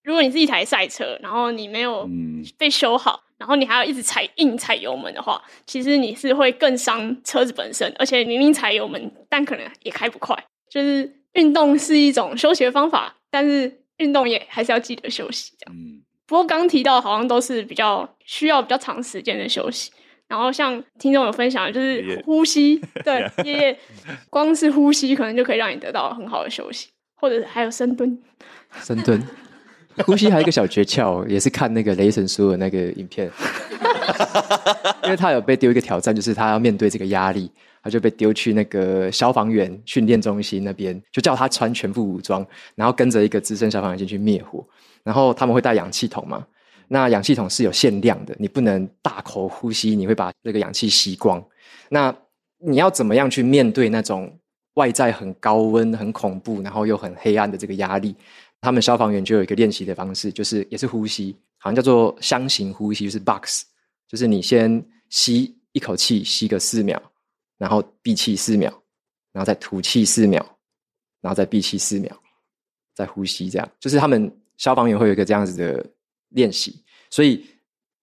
如果你是一台賽車，然後你沒有被修好、嗯，然後你還要一直踩硬踩油門的話，其實你是會更傷車子本身，而且你明明踩油門，但可能也開不快，就是。運動是一種休息的方法，但是運動也還是要記得休息。這樣，嗯、不過剛提到好像都是比較需要比較長時間的休息。然後像聽眾有分享，就是呼吸，對，也 光是呼吸可能就可以讓你得到很好的休息，或者還有深蹲，深蹲。 呼吸還有一個小訣竅，也是看那個雷神叔的那個影片， 因為他有被丟一個挑戰，就是他要面對這個壓力，他就被丟去那個消防員訓練中心那邊，就叫他穿全副武裝，然後跟着一個資深消防員進去滅火。然後他們會帶氧氣筒嘛，那氧氣筒是有限量的，你不能大口呼吸，你會把那個氧氣吸光。那你要怎麼樣去面對那種外在很高溫、很恐怖，然後又很黑暗的這個壓力？他們消防員就有一個練習的方式，就是也是呼吸，好像叫做箱型呼吸，就是 box，就是你先吸一口氣，吸個四秒，然後閉氣四秒，然後再吐氣四秒，然後再閉氣四秒，再呼吸這樣。就是他們消防員會有一個這樣子的練習，所以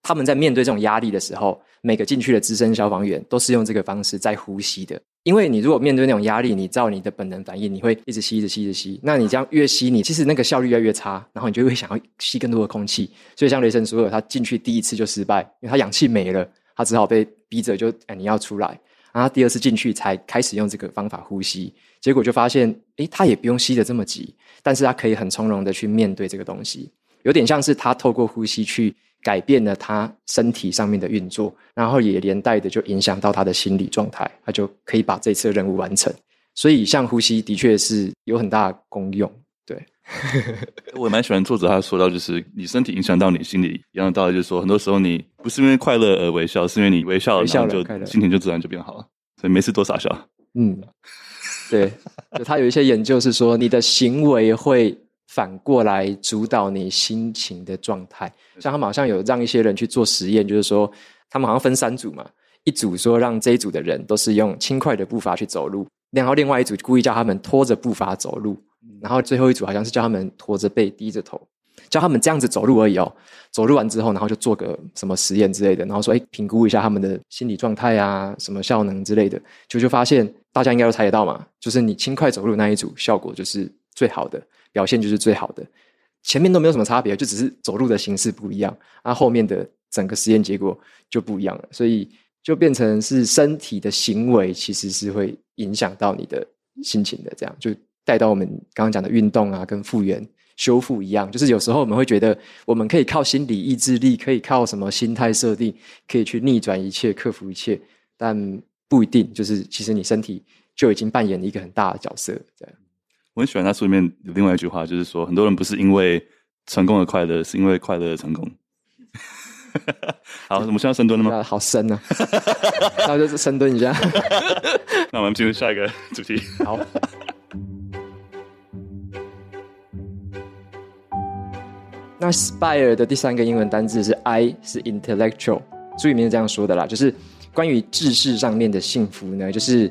他們在面對這種壓力的時候，每個進去的資深消防員都是用這個方式在呼吸的。因為你如果面對那種壓力，你照你的本能反應，你會一直吸、一直吸、一直吸，那你這樣越吸，你其實那個效率越來越差，然後你就會想要吸更多的空氣。所以像雷神說的，他進去第一次就失敗，因為他氧氣沒了，他只好被逼着就哎，你要出來，然後他第二次進去才開始用這個方法呼吸，結果就發現，誒他也不用吸得這麼急，但是他可以很從容的去面對這個東西，有點像是他透過呼吸去。改變了他身體上面的運作，然後也連帶的就影響到他的心理狀態，他就可以把這次任務完成。所以，像呼吸的確是有很大的功用。對，我蠻喜歡作者他說到，就是你身體影響到你心理一樣的道理，就是說很多時候你不是因為快樂而微笑，是因為你微笑，微笑了然後就了心情就自然就變好了。所以，沒事多傻笑。嗯，對，就他有一些研究是說 你的行為會。反過來主導你心情的狀態，像他們好像有讓一些人去做實驗，就是說他們好像分三組嘛，一組說讓這一組的人都是用輕快的步伐去走路，然後另外一組故意叫他們拖着步伐走路，然後最後一組好像是叫他們駝着背低着頭，叫他們這樣子走路而已哦。走路完之後，然後就做個什麼實驗之類的，然後說哎，評估一下他們的心理狀態啊，什麼效能之類的，就就發現大家應該都猜得到嘛，就是你輕快走路那一組效果就是最好的。表現就是最好的，前面都沒有什麼差別，就只是走路的形式不一樣，啊，那後面的整個實驗結果就不一樣了，所以就變成是身體的行為其實是會影響到你的心情的，這樣就帶到我們剛剛講的運動啊，跟復原修復一樣，就是有時候我們會覺得我們可以靠心理意志力，可以靠什麼心態設定，可以去逆轉一切、克服一切，但不一定，就是其實你身體就已經扮演了一個很大的角色，這樣。我很喜歡他書裡面另外一句話，就是說很多人不是因為成功而快樂，是因為快樂而成功。 好，我們現在深蹲了嗎？嗯嗯嗯、好深呢、啊，那就是深蹲一下。那我們進入下一個主題。好。 那 Spire 的第三個英文單字是 I 是 intellectual，書裡面是這樣說的啦，就是關於知識上面的幸福呢，就是。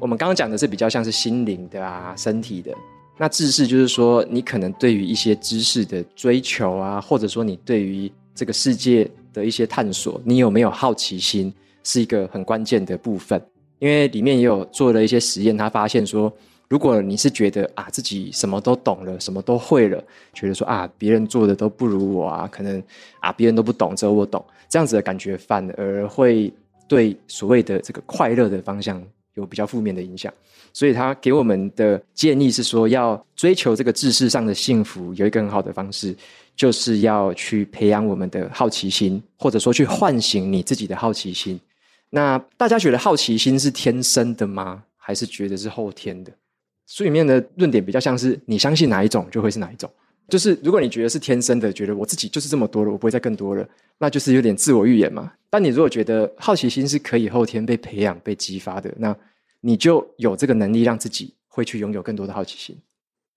我們剛剛講的是比較像是心靈的啊，身體的。那知識就是說，你可能對於一些知識的追求啊，或者說你對於這個世界的一些探索，你有沒有好奇心，是一個很關鍵的部分。因為裡面也有做了一些實驗，他發現說，如果你是覺得啊自己什麼都懂了，什麼都會了，覺得說啊別人做的都不如我啊，可能啊別人都不懂，只有我懂，這樣子的感覺，反而會對所謂的這個快樂的方向，有比較負面的影響，所以他給我們的建議是說，要追求這個知識上的幸福，有一個很好的方式，就是要去培養我們的好奇心，或者說去喚醒你自己的好奇心。那大家覺得好奇心是天生的嗎？還是覺得是後天的？書裡面的論點比較像是，你相信哪一種，就會是哪一種。就是如果你覺得是天生的，覺得我自己就是這麼多了，我不會再更多了，那就是有點自我預言嘛。但你如果覺得好奇心是可以後天被培養、被激發的，那你就有這個能力讓自己會去擁有更多的好奇心。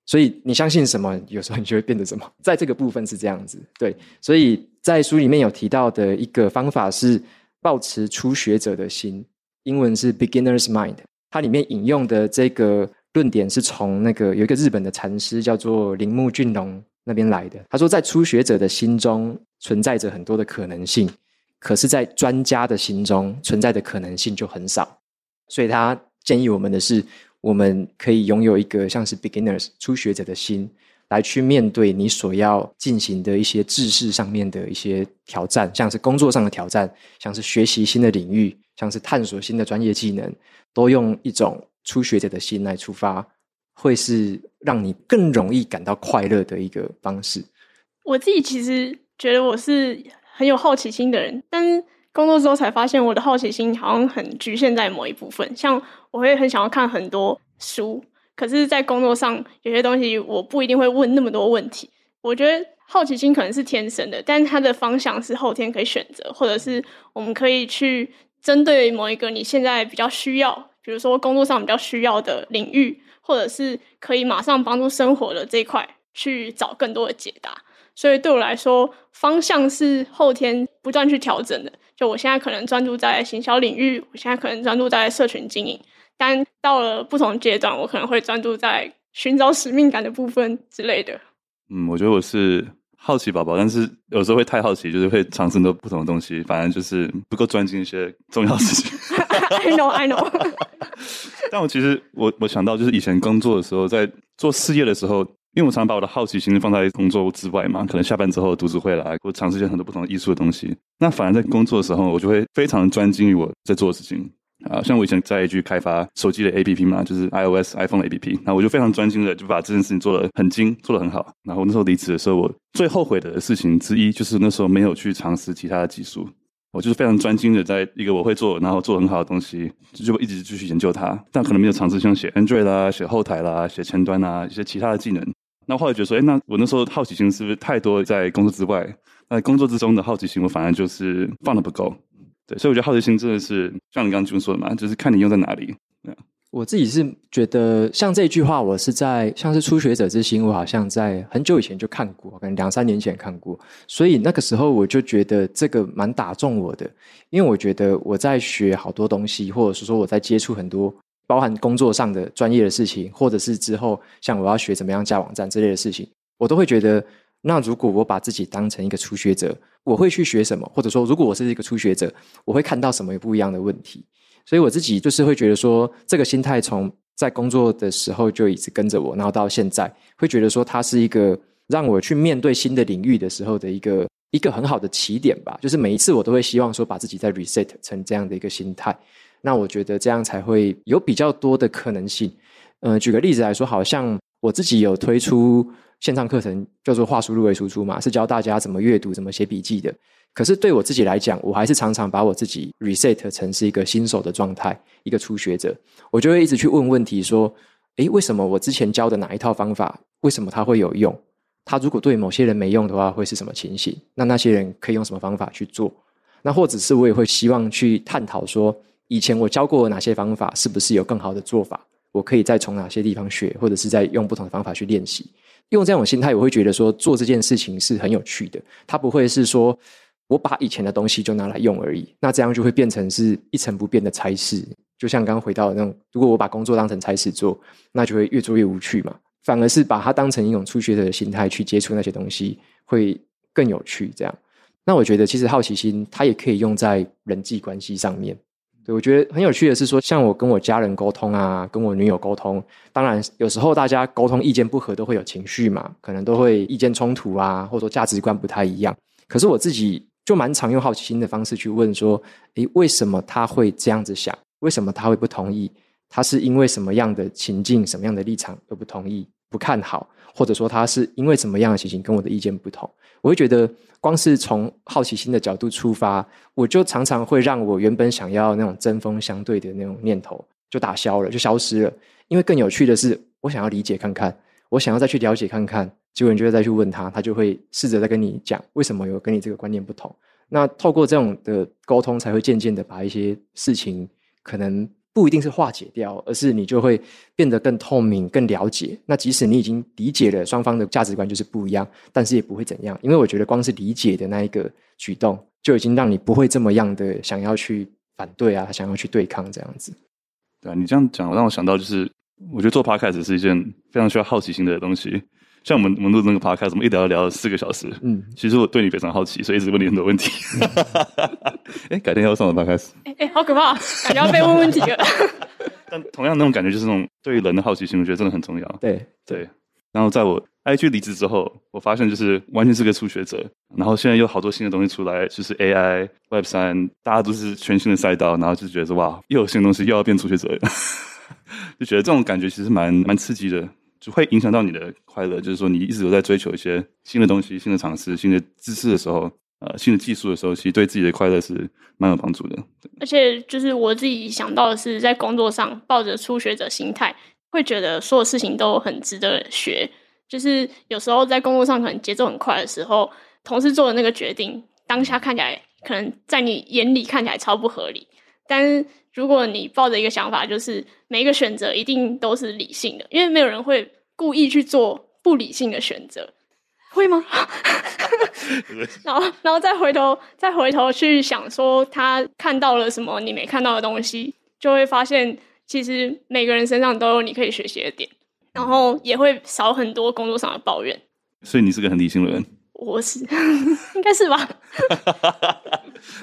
所以你相信什麼，有時候你就會變得什麼。在這個部分是這樣子，對。所以在書裡面有提到的一個方法是保持初學者的心，英文是 beginner's mind。它裡面引用的這個。論點是從那個有一個日本的禪師叫做鈴木俊隆那邊來的。他說，在初學者的心中存在着很多的可能性，可是，在專家的心中存在的可能性就很少。所以他建議我們的是，我們可以擁有一個像是 beginners 初學者的心，來去面對你所要進行的一些知識上面的一些挑戰，像是工作上的挑戰，像是學習新的領域，像是探索新的專業技能，都用一種。初學者的心來出發，會是讓你更容易感到快樂的一個方式。我自己其實覺得我是很有好奇心的人，但工作之後才發現，我的好奇心好像很局限在某一部分。像我會很想要看很多書，可是在工作上有些東西，我不一定會問那麼多問題。我覺得好奇心可能是天生的，但它的方向是後天可以選擇，或者是我們可以去針對某一個你現在比較需要。比如說，工作上比較需要的領域，或者是可以馬上幫助生活的這一塊，去找更多的解答。所以對我來說，方向是後天不斷去調整的。就我現在可能專注在行銷領域，我現在可能專注在社群經營，但到了不同階段，我可能會專注在尋找使命感的部分之類的。嗯，我覺得我是。好奇寶寶，但是有時候會太好奇，就是會嘗試很多不同的東西。反而就是不夠專心一些重要的事情。 I know, I know 。但我其實我我想到，就是以前工作的時候，在做事業的時候，因為我常把我的好奇心放在工作之外嘛，可能下班之後獨自會來，我嘗試一些很多不同的藝術的東西。那反而在工作的時候，我就會非常專心於我在做的事情。啊，像我以前在去開發手機的 APP 嘛，就是 iOS iPhone APP，那我就非常專心的就把這件事情做得很精，做得很好。然後我那時候離職的時候，我最後悔的事情之一就是那時候沒有去嘗試其他的技術。我就是非常專心的在一個我會做，然後做很好的東西，就，就一直繼續研究它。但可能沒有嘗試像寫 Android 啦、寫後台啦、寫前端啦，一些其他的技能。那我後來覺得說，哎，那我那時候的好奇心是不是太多在工作之外？那在工作之中的好奇心，我反而就是放得不夠。對，所以我覺得好奇心真的是像你剛剛就說的嘛，就是看你用在哪裡。Yeah、我自己是覺得像這句話，我是在像是初學者之心，我好像在很久以前就看過，可能兩三年前看過，所以那個時候我就覺得這個蠻打中我的，因為我覺得我在學好多東西，或者是說我在接觸很多包含工作上的專業的事情，或者是之後像我要學怎麼樣架網站之類的事情，我都會覺得。那如果我把自己當成一個初學者，我會去學什麼？或者說，如果我是一個初學者，我會看到什麼不一樣的問題？所以我自己就是會覺得說，這個心態從在工作的時候就一直跟着我，然後到現在，會覺得說，它是一個讓我去面對新的領域的時候的一個一個很好的起點吧。就是每一次我都會希望說，把自己再 reset 成這樣的一個心態，那我覺得這樣才會有比較多的可能性。嗯、呃，舉個例子來說，好像我自己有推出。線上課程叫做“化輸入為輸出”嘛，是教大家怎麼閱讀、怎麼寫筆記的。可是對我自己來講，我還是常常把我自己 reset 成是一個新手的狀態，一個初學者。我就會一直去問問題，說：“哎、欸，為什麼我之前教的哪一套方法，為什麼它會有用？它如果對某些人沒用的話，會是什麼情形？那那些人可以用什麼方法去做？那或者是我也會希望去探討，說以前我教過的哪些方法，是不是有更好的做法？我可以再從哪些地方學，或者是再用不同的方法去練習。”用這種心態，我會覺得說做這件事情是很有趣的。它不會是說我把以前的東西就拿來用而已，那這樣就會變成是一成不變的差事。就像剛剛回到的那種，如果我把工作當成差事做，那就會越做越無趣嘛。反而是把它當成一種初學者的心態去接觸那些東西，會更有趣。這樣，那我覺得其實好奇心它也可以用在人際關係上面。對，我覺得很有趣的是說，像我跟我家人溝通啊，跟我女友溝通，當然有時候大家溝通意見不合都會有情緒嘛，可能都會意見衝突啊，或者說價值觀不太一樣。可是我自己就蠻常用好奇心的方式去問說，誒，為什麼他會這樣子想？為什麼他會不同意？他是因為什麼樣的情境、什麼樣的立場而不同意、不看好？或者說他是因為什麼樣的情形跟我的意見不同。我會覺得。光是從好奇心的角度出發，我就常常會讓我原本想要那種針鋒相對的那種念頭就打消了，就消失了。因為更有趣的是，我想要理解看看，我想要再去了解看看，結果你就會再去問他，他就會試着再跟你講為什麼有跟你這個觀念不同。那透過這種的溝通，才會漸漸的把一些事情可能。不一定是化解掉，而是你就會變得更透明、更了解。那即使你已經理解了雙方的價值觀就是不一樣，但是也不會怎樣，因為我覺得光是理解的那一個舉動，就已經讓你不會這麼樣的想要去反對啊，想要去對抗這樣子。對啊，你這樣講讓我想到就是，我覺得做 Podcast 是一件非常需要好奇心的東西。像我們，我們錄的那個 Podcast，我們一聊聊四個小時。嗯，其實我對你非常好奇，所以一直問你很多問題。哎、嗯， 改天要上的 Podcast。哎，好可怕，感覺要被問問題了。 但同樣的那種感覺，就是那種對人的好奇心，我覺得真的很重要。對對。然後在我 IG 離職之後，我發現就是完全是個初學者。然後現在有好多新的東西出來，就是 AI、Web 三，大家都是全新的賽道。然後就覺得說哇，又有新的東西，又要變初學者， 就覺得這種感覺其實蠻蠻刺激的。就會影響到你的快樂，就是說你一直都在追求一些新的東西、新的嘗試、新的知識的時候，呃，新的技術的時候，其實對自己的快樂是蠻有幫助的。而且，就是我自己想到的是，在工作上抱着初學者心態，會覺得所有事情都很值得學。就是有時候在工作上可能節奏很快的時候，同事做的那個決定，當下看起來可能在你眼裡看起來超不合理。但是如果你抱着一個想法，就是每一個選擇一定都是理性的，因為沒有人會故意去做不理性的選擇，會嗎？ 然後，然後再回頭，再回頭去想說他看到了什麼，你沒看到的東西，就會發現其實每個人身上都有你可以學習的點，然後也會少很多工作上的抱怨。所以你是個很理性的人？我是， 應該是吧。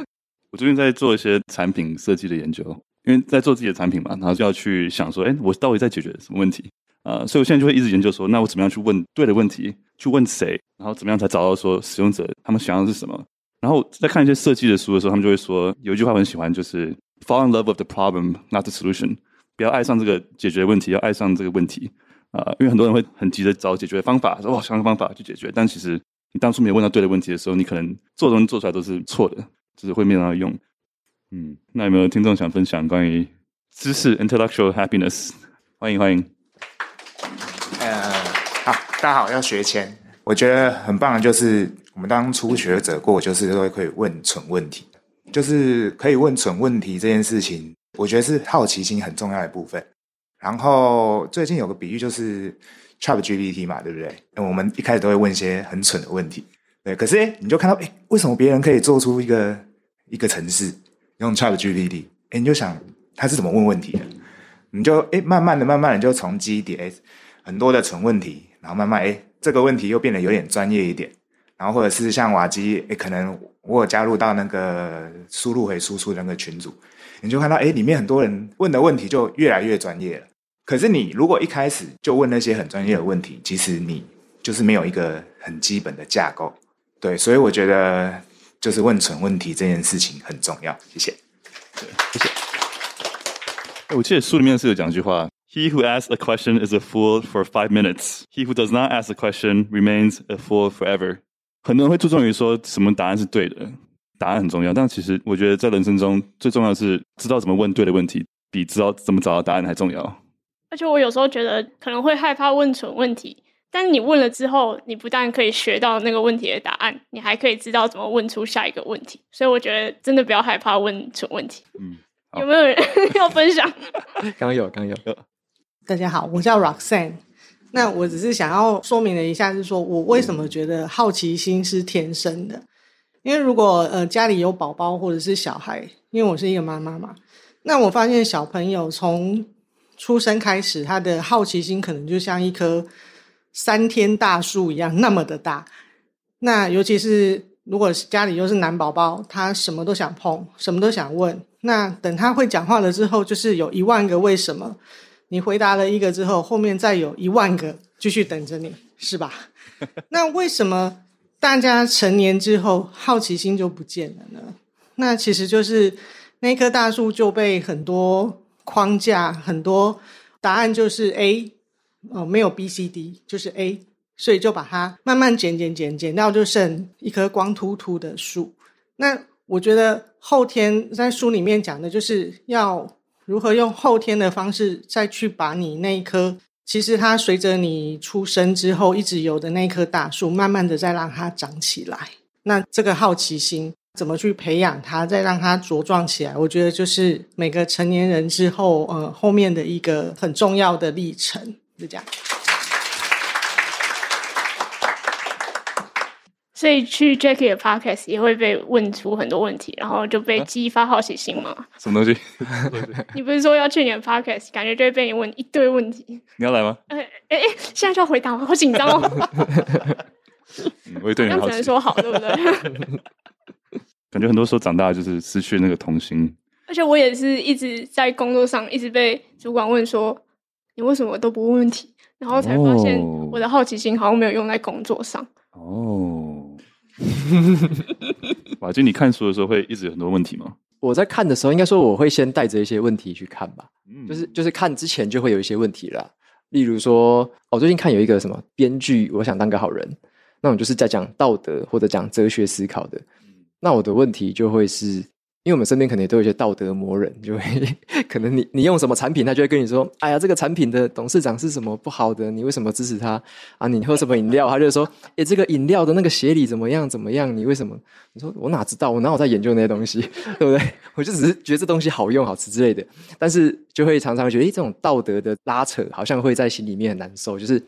我最近在做一些產品設計的研究，因為在做自己的產品嘛，然後就要去想說，哎，我到底在解決什麼問題啊？呃，所以，我現在就會一直研究說，那我怎麼樣去問對的問題？去問誰？然後怎麼樣才找到說使用者他們想要的是什麼？然後在看一些設計的書的時候，他們就會說有一句話我很喜歡，就是 fall in love with the problem, not the solution，不要愛上這個解決問題，要愛上這個問題啊！呃，因為很多人會很急着找解決方法，說我想個方法去解決。但其實你當初沒有問到對的問題的時候，你可能做東西做出來都是錯的。是會非常有用。嗯，那有沒有聽眾想分享關於知識 （intellectual happiness）？歡迎歡迎。呃、uh,，好，大家好，我叫學謙。我覺得很棒的就是，我們當初學者過，就是都可以問蠢問題，就是可以問蠢問題這件事情，我覺得是好奇心很重要的部分。然後最近有個比喻就是 ChatGPT 嘛，對不對？我們一開始都會問一些很蠢的問題，對，可是你就看到，哎、欸，為什麼別人可以做出一個？一個城市用 ChatGPT、欸、你就想他是怎麼問問題的？你就、欸、慢慢的、慢慢的就重一點，就從基底哎，很多的純問題，然後慢慢哎、欸，這個問題又變得有點專業一點，然後或者是像瓦基、欸、可能我有加入到那個輸入和輸出的那個群組，你就看到哎、欸，裡面很多人問的問題就越來越專業了。可是你如果一開始就問那些很專業的問題，其實你就是沒有一個很基本的架構。對，所以我覺得。就是問蠢問題這件事情很重要，謝謝，對。謝謝。我記得書裡面是有講一句話：“He who asks a question is a fool for five minutes. He who does not ask a question remains a fool forever。”很多人會注重於說什麼答案是對的，答案很重要。但其實我覺得在人生中最重要的是知道怎麼問對的問題，比知道怎麼找到答案還重要。而且我有時候覺得可能會害怕問蠢問題。但你問了之後，你不但可以學到那個問題的答案，你還可以知道怎麼問出下一個問題。所以我覺得真的不要害怕問蠢問題。嗯，有沒有人要分享？剛剛有，剛有。大家好，我叫 Roxanne。那我只是想要說明了一下，是說我為什麼覺得好奇心是天生的。嗯。因為如果呃家裡有寶寶或者是小孩，因為我是一個媽媽嘛，那我發現小朋友從出生開始，他的好奇心可能就像一顆。三天大樹一樣那麼的大，那尤其是如果是家裡又是男寶寶，他什麼都想碰，什麼都想問。那等他會講話了之後，就是有一萬個為什麼，你回答了一個之後，後面再有一萬個繼續等着你，是吧？ 那為什麼大家成年之後好奇心就不見了呢？那其實就是那棵大樹就被很多框架、很多答案，就是誒。欸哦、呃，沒有 B、C、D，就是 A，所以就把它慢慢剪剪剪剪掉，就剩一棵光禿禿的樹。那我覺得後天在書裡面講的就是要如何用後天的方式再去把你那一棵，其實它隨着你出生之後一直有的那一棵大樹，慢慢的再讓它長起來。那這個好奇心怎麼去培養它，再讓它茁壯起來，我覺得就是每個成年人之後，呃，後面的一個很重要的歷程。這樣，所以去 Jackie 的 Podcast 也會被問出很多問題，然後就被激發好奇心嘛？什麼東西？ 你不是說要去 Jun 的 Podcast，感覺就會被你問一堆問題。你要來嗎？哎、呃、哎，現在就要回答，我好緊張哦。 嗯、我也對你只能說好，對不對？感覺很多時候長大就是失去那個童心。而且我也是一直在工作上，一直被主管問說。為什麼我都不問問題？然後才發現我的好奇心好像沒有用在工作上。哦，哇！就你看書的時候會一直有很多問題嗎？我在看的時候，應該說我會先帶着一些問題去看吧。就是就是看之前就會有一些問題了。例如說，我最近看有一個什麼編劇，我想當個好人，那我就是在講道德或者講哲學思考的。那我的問題就會是。因為我們身邊可能也都有些道德魔人，就會可能你你用什麼產品，他就會跟你說：“哎呀，這個產品的董事長是什麼不好的？你為什麼支持他啊？”你喝什麼飲料，他就會說：“哎，這個飲料的那個協理怎麼樣？怎麼樣？你為什麼？”你說：“我哪知道？我哪有在研究那些東西？對不對？”我就只是覺得這東西好用、好吃之類的，但是就會常常覺得，哎，這種道德的拉扯，好像會在心裡面很難受，就是。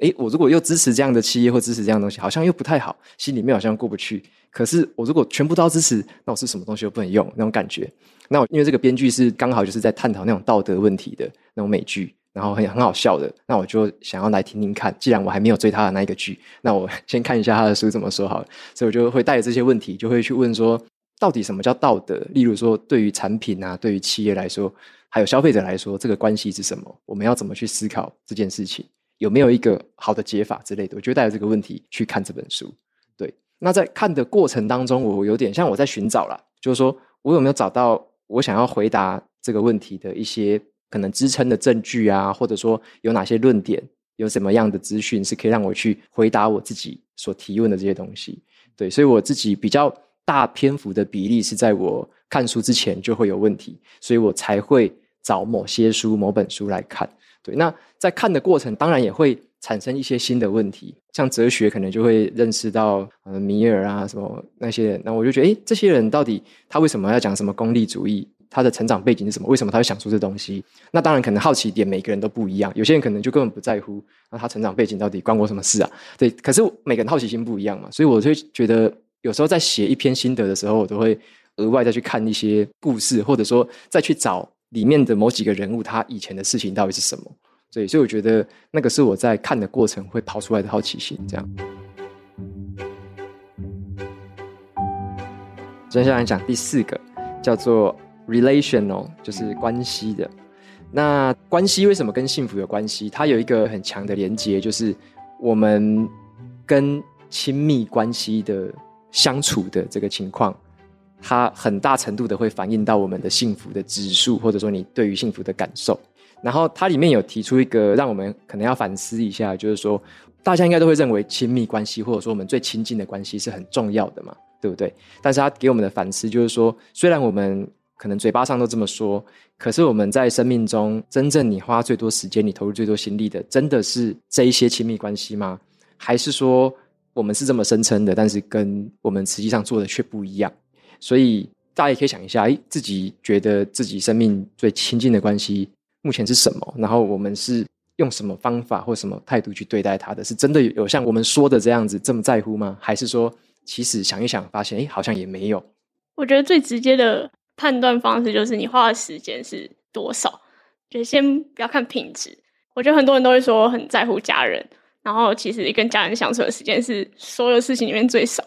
哎，我如果又支持這樣的企業或支持這樣的東西，好像又不太好，心裡面好像過不去。可是我如果全部都要支持，那我是什麼東西都不能用那種感覺。那我因為這個編劇是剛好就是在探討那種道德問題的那種美劇，然後很很好笑的。那我就想要來聽聽看，既然我還沒有追他的那一個劇，那我先看一下他的書怎麼說好了。所以，我就會帶着這些問題，就會去問說，到底什麼叫道德？例如說，對於產品啊，對於企業來說，還有消費者來說，這個關係是什麼？我們要怎麼去思考這件事情？有沒有一個好的解法之類的？我就帶着這個問題去看這本書。對，那在看的過程當中，我有點像我在尋找了，就是說我有沒有找到我想要回答這個問題的一些可能支撐的證據啊，或者說有哪些論點，有什麼樣的資訊是可以讓我去回答我自己所提問的這些東西。對，所以我自己比較大篇幅的比例是在我看書之前就會有問題，所以我才會找某些書、某本書來看。對，那在看的過程，當然也會產生一些新的問題，像哲學可能就會認識到，呃，米爾啊，什麼那些，那我就覺得，哎，這些人到底他為什麼要講什麼功利主義？他的成長背景是什麼？為什麼他會想出這東西？那當然，可能好奇點，每個人都不一樣，有些人可能就根本不在乎，那他成長背景到底關我什麼事啊？對，可是每個人好奇心不一樣嘛，所以我就覺得，有時候在寫一篇心得的時候，我都會額外再去看一些故事，或者說再去找。裡面的某幾個人物，他以前的事情到底是什麼？所以，所以我覺得那個是我在看的過程會跑出來的好奇心。這樣，接下來講第四個，叫做 relational，就是關係的。那關係為什麼跟幸福有關係？它有一個很強的連接，就是我們跟親密關係的相處的這個情況。它很大程度的會反映到我們的幸福的指數，或者說你對於幸福的感受。然後它裡面有提出一個讓我們可能要反思一下，就是說大家應該都會認為親密關係或者說我們最親近的關係是很重要的嘛，對不對？但是他給我們的反思就是說，雖然我們可能嘴巴上都這麼說，可是我們在生命中真正你花最多時間、你投入最多心力的，真的是這一些親密關係嗎？還是說我們是這麼聲稱的，但是跟我們實際上做的卻不一樣。所以大家也可以想一下，誒，自己覺得自己生命最親近的關係，目前是什麼？然後我們是用什麼方法或什麼態度去對待它的？是真的有像我們說的這樣子這麼在乎嗎？還是說，其實想一想，發現誒、哎，好像也沒有。我覺得最直接的判斷方式就是你花的時間是多少。就先不要看品質，我覺得很多人都會說很在乎家人，然後其實跟家人相處的時間是所有事情裡面最少。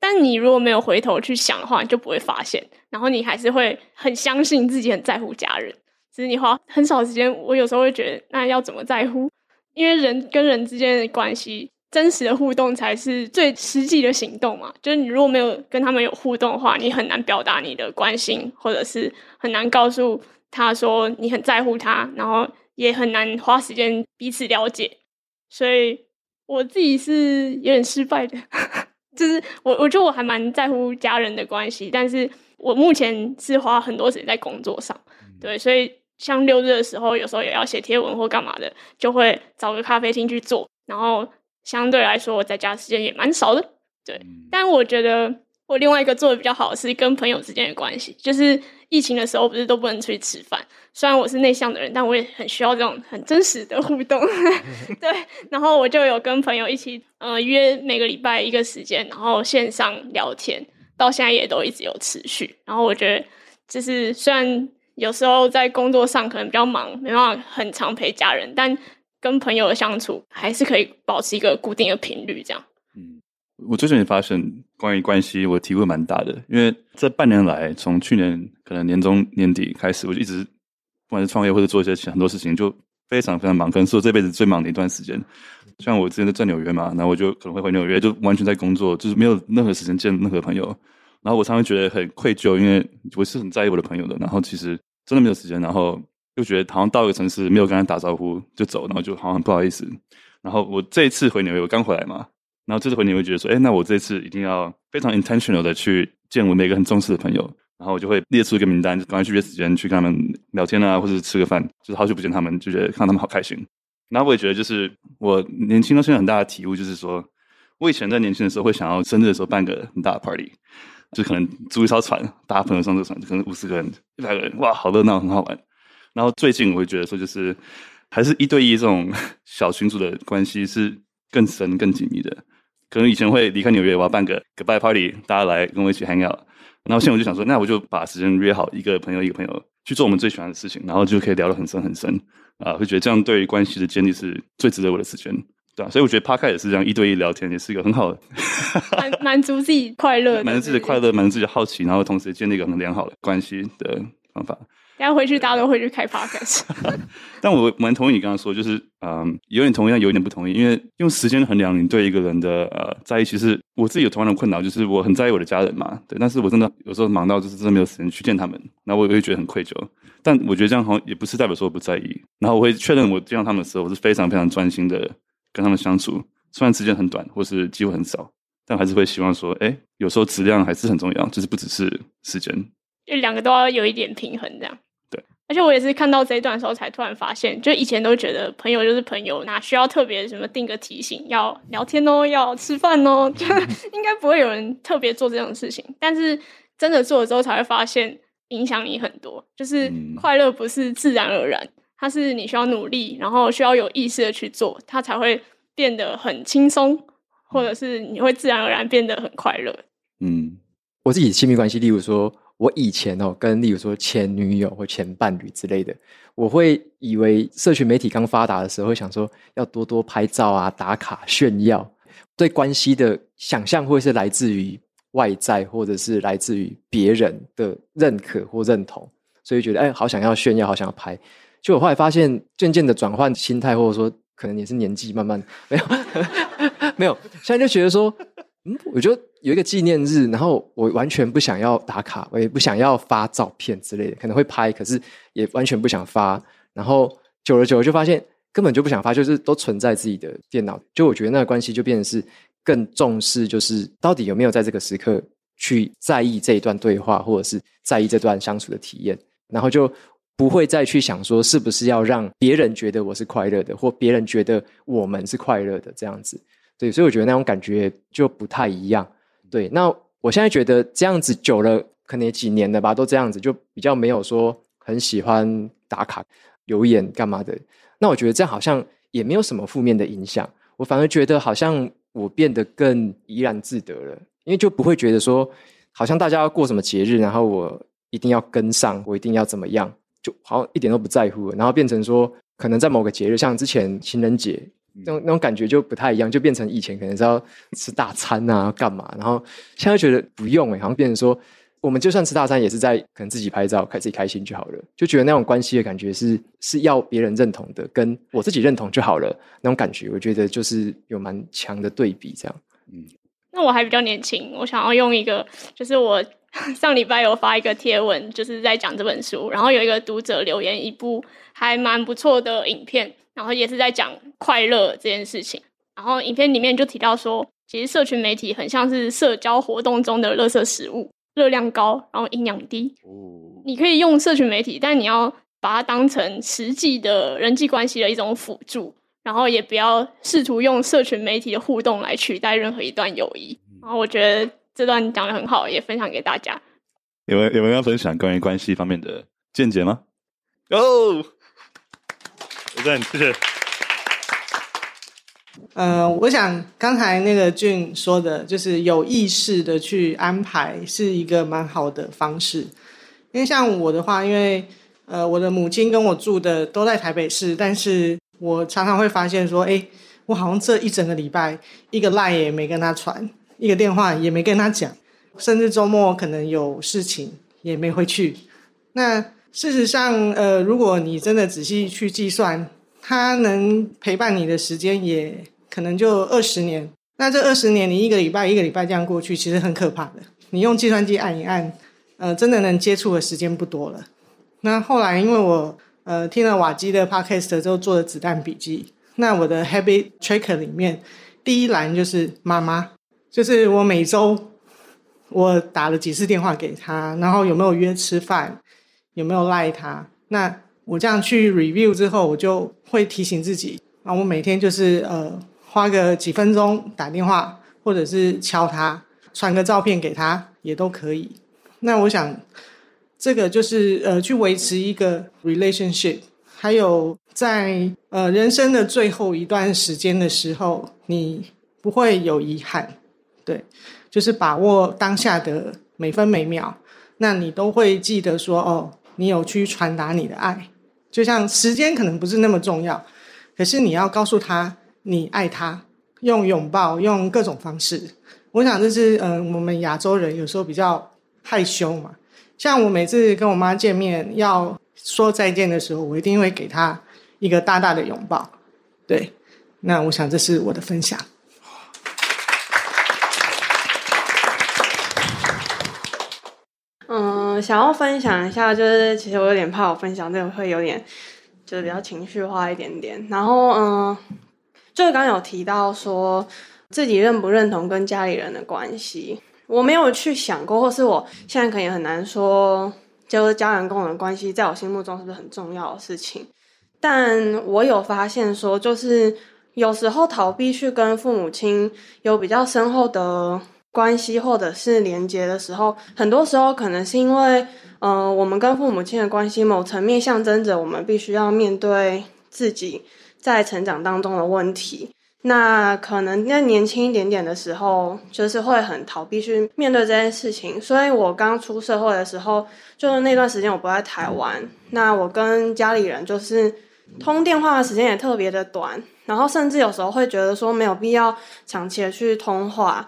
但你如果沒有回頭去想的話，你就不會發現。然後你還是會很相信自己，很在乎家人。只是你花很少時間。我有時候會覺得，那要怎麼在乎？因為人跟人之間的關係，真實的互動才是最實際的行動嘛。就是你如果沒有跟他們有互動的話，你很難表達你的關心，或者是很難告訴他說你很在乎他，然後也很難花時間彼此了解。所以我自己是有點失敗的。 就是我，我覺得我還蠻在乎家人的關係，但是我目前是花很多時間在工作上，對，所以像六日的時候，有時候也要寫貼文或幹嘛的，就會找個咖啡廳去做，然後相對來說我在家時間也蠻少的，對。但我覺得我另外一個做的比較好的是跟朋友之間的關係，就是。疫情的時候不是都不能出去吃飯，雖然我是內向的人，但我也很需要這種很真實的互動。 對，然後我就有跟朋友一起，呃，約每個禮拜一個時間，然後線上聊天，到現在也都一直有持續。然後我覺得，就是雖然有時候在工作上可能比較忙，沒辦法很常陪家人，但跟朋友的相處還是可以保持一個固定的頻率這樣。我最近也發現，關於關係，我體會蠻大的。因為這半年來，從去年可能年終年底開始，我就一直不管是創業或者做一些很多事情，就非常非常忙，可能是我這輩子最忙的一段時間。像我之前在紐約嘛，然後我就可能會回紐約，就完全在工作，就是沒有任何時間見任何朋友。然後我常常覺得很愧疚，因為我是很在意我的朋友的。然後其實真的沒有時間，然後又覺得好像到一個城市沒有跟他打招呼就走，然後就好像很不好意思。然後我這一次回紐約，我剛回來嘛。然後這次回，你會覺得說，哎，那我這次一定要非常 intentional 的去見我每個很重視的朋友。然後我就會列出一個名單，就趕快去約時間去跟他們聊天啊，或者吃個飯。就是好久不見他們，就覺得看到他們好開心。那我也覺得，就是我年輕時候有很大的體悟，就是說我以前在年輕的時候會想要生日的時候辦個很大的 party，就可能租一艘船，大朋友上這船，就可能五十個人、一百個人，哇，好熱鬧，很好玩。然後最近我會覺得說，就是還是一對一這種小群組的關係是更深、更緊密的。可能以前會離開紐約，我要辦個 goodbye party，大家來跟我一起 hang out。然後現在我就想說，那我就把時間約好，一個朋友一個朋友去做我們最喜歡的事情，然後就可以聊得很深很深啊，會覺得這樣對關係的建立是最值得我的時間，對吧、啊？所以我覺得 podcast 也是這樣，一對一聊天也是一個很好的， 滿足自己快樂，滿 足自己快樂，滿足自己好奇，然後同時建立一個很良好的關係的方法。要回去，大家都會去開發 但我蠻同意你剛剛說，就是嗯，有點同意，但有點不同意。因為用時間衡量你對一個人的呃在意，其實我自己有同樣的困擾，就是我很在意我的家人嘛，對。但是我真的有時候忙到就是真的沒有時間去見他們，那我也會覺得很愧疚。但我覺得這樣好像也不是代表說我不在意。然後我會確認我見到他們的時候，我是非常非常專心的跟他們相處，雖然時間很短或是機會很少，但我還是會希望說，哎、欸，有時候質量還是很重要，就是不只是時間。因為兩個都要有一點平衡，這樣。而且我也是看到這一段的時候，才突然發現，就以前都覺得朋友就是朋友，哪需要特別什麼定個提醒要聊天哦，要吃飯哦，就應該不會有人特別做這種事情。但是真的做了之後，才會發現影響你很多。就是快樂不是自然而然，它是你需要努力，然後需要有意識的去做，它才會變得很輕鬆，或者是你會自然而然變得很快樂。嗯，我自己親密關係，例如說。我以前哦，跟例如說前女友或前伴侶之類的，我會以為社群媒體剛發達的時候，會想說要多多拍照啊、打卡炫耀。對關係的想象會是來自於外在，或者是來自於別人的認可或認同，所以覺得哎，好想要炫耀，好想要拍。就我後來發現，漸漸的轉換心態，或者說可能也是年紀慢慢沒有 沒有，現在就覺得說，嗯，我覺得。有一個紀念日，然後我完全不想要打卡，我也不想要發照片之類的，可能會拍，可是也完全不想發。然後久了久了，就發現根本就不想發，就是都存在自己的電腦。就我覺得那個關係就變成是更重視，就是到底有沒有在這個時刻去在意這一段對話，或者是在意這段相處的體驗。然後就不會再去想說是不是要讓別人覺得我是快樂的，或別人覺得我們是快樂的這樣子。對，所以我覺得那種感覺就不太一樣。對，那我現在覺得這樣子久了，可能也幾年了吧，都這樣子，就比較沒有說很喜歡打卡、留言幹嘛的。那我覺得這樣好像也沒有什麼負面的影響，我反而覺得好像我變得更怡然自得了，因為就不會覺得說，好像大家要過什麼節日，然後我一定要跟上，我一定要怎麼樣，就好像一點都不在乎。然後變成說，可能在某個節日，像之前情人節。那種那種感覺就不太一樣，就變成以前可能是要吃大餐啊，幹嘛，然後現在覺得不用欸，好像變成說，我們就算吃大餐也是在可能自己拍照，開自己開心就好了，就覺得那種關係的感覺是是要別人認同的，跟我自己認同就好了，那種感覺，我覺得就是有蠻強的對比，這樣。嗯，那我還比較年輕，我想要用一個，就是我上禮拜有發一個貼文，就是在講這本書，然後有一個讀者留言一部還蠻不錯的影片。然後也是在講快樂這件事情。然後影片裡面就提到說，其實社群媒體很像是社交活動中的垃圾食物，熱量高，然後營養低，哦。你可以用社群媒體，但你要把它當成實際的人際關係的一種輔助，然後也不要試圖用社群媒體的互動來取代任何一段友誼。嗯、然後我覺得這段講得很好，也分享給大家。有沒有，有沒有要分享關於關係方面的見解嗎？有、oh!。嗯，呃，我想剛才那個 Jun 說的，就是有意識的去安排，是一個蠻好的方式。因為像我的話，因為呃，我的母親跟我住的都在台北市，但是我常常會發現說，哎，我好像這一整個禮拜，一個賴也沒跟他傳，一個電話也沒跟他講，甚至週末可能有事情也沒回去。那事實上，呃，如果你真的仔細去計算，它能陪伴你的時間也可能就二十年。那這二十年，你一個禮拜一個禮拜這樣過去，其實很可怕的。你用計算機按一按，呃，真的能接觸的時間不多了。那後來，因為我呃聽了瓦基的 podcast 之後，做了子彈筆記。那我的 habit tracker 裡面，第一欄就是媽媽，就是我每周我打了幾次電話給她，然後有沒有約吃飯。有沒有賴他？那我這樣去 review 之後，我就會提醒自己。那、啊、我每天就是呃，花個幾分鐘打電話，或者是敲他，傳個照片給他也都可以。那我想，這個就是呃，去維持一個 relationship。還有在呃人生的最後一段時間的時候，你不會有遺憾。對，就是把握當下的每分每秒，那你都會記得說哦。你有去傳達你的愛，就像時間可能不是那麼重要，可是你要告訴他你愛他，用擁抱，用各種方式。我想這是嗯、呃，我們亞洲人有時候比較害羞嘛。像我每次跟我媽見面要說再見的時候，我一定會給她一個大大的擁抱。對，那我想這是我的分享。想要分享一下，就是其實我有點怕，我分享這個會有點就是比較情緒化一點點。然後嗯，就剛有提到說自己認不認同跟家裡人的關係，我沒有去想過，或是我現在可能也很難說，就是家人跟我的關係，在我心目中是不是很重要的事情？但我有發現說，就是有時候逃避去跟父母親有比較深厚的。關係或者是連結的時候，很多時候可能是因為，嗯、呃，我們跟父母親的關係，某層面象徵着我們必須要面對自己在成長當中的問題。那可能在年輕一點點的時候，就是會很逃避去面對這件事情。所以我剛出社會的時候，就是那段時間我不在台灣，那我跟家裡人就是通電話的時間也特別的短，然後甚至有時候會覺得說沒有必要長期的去通話。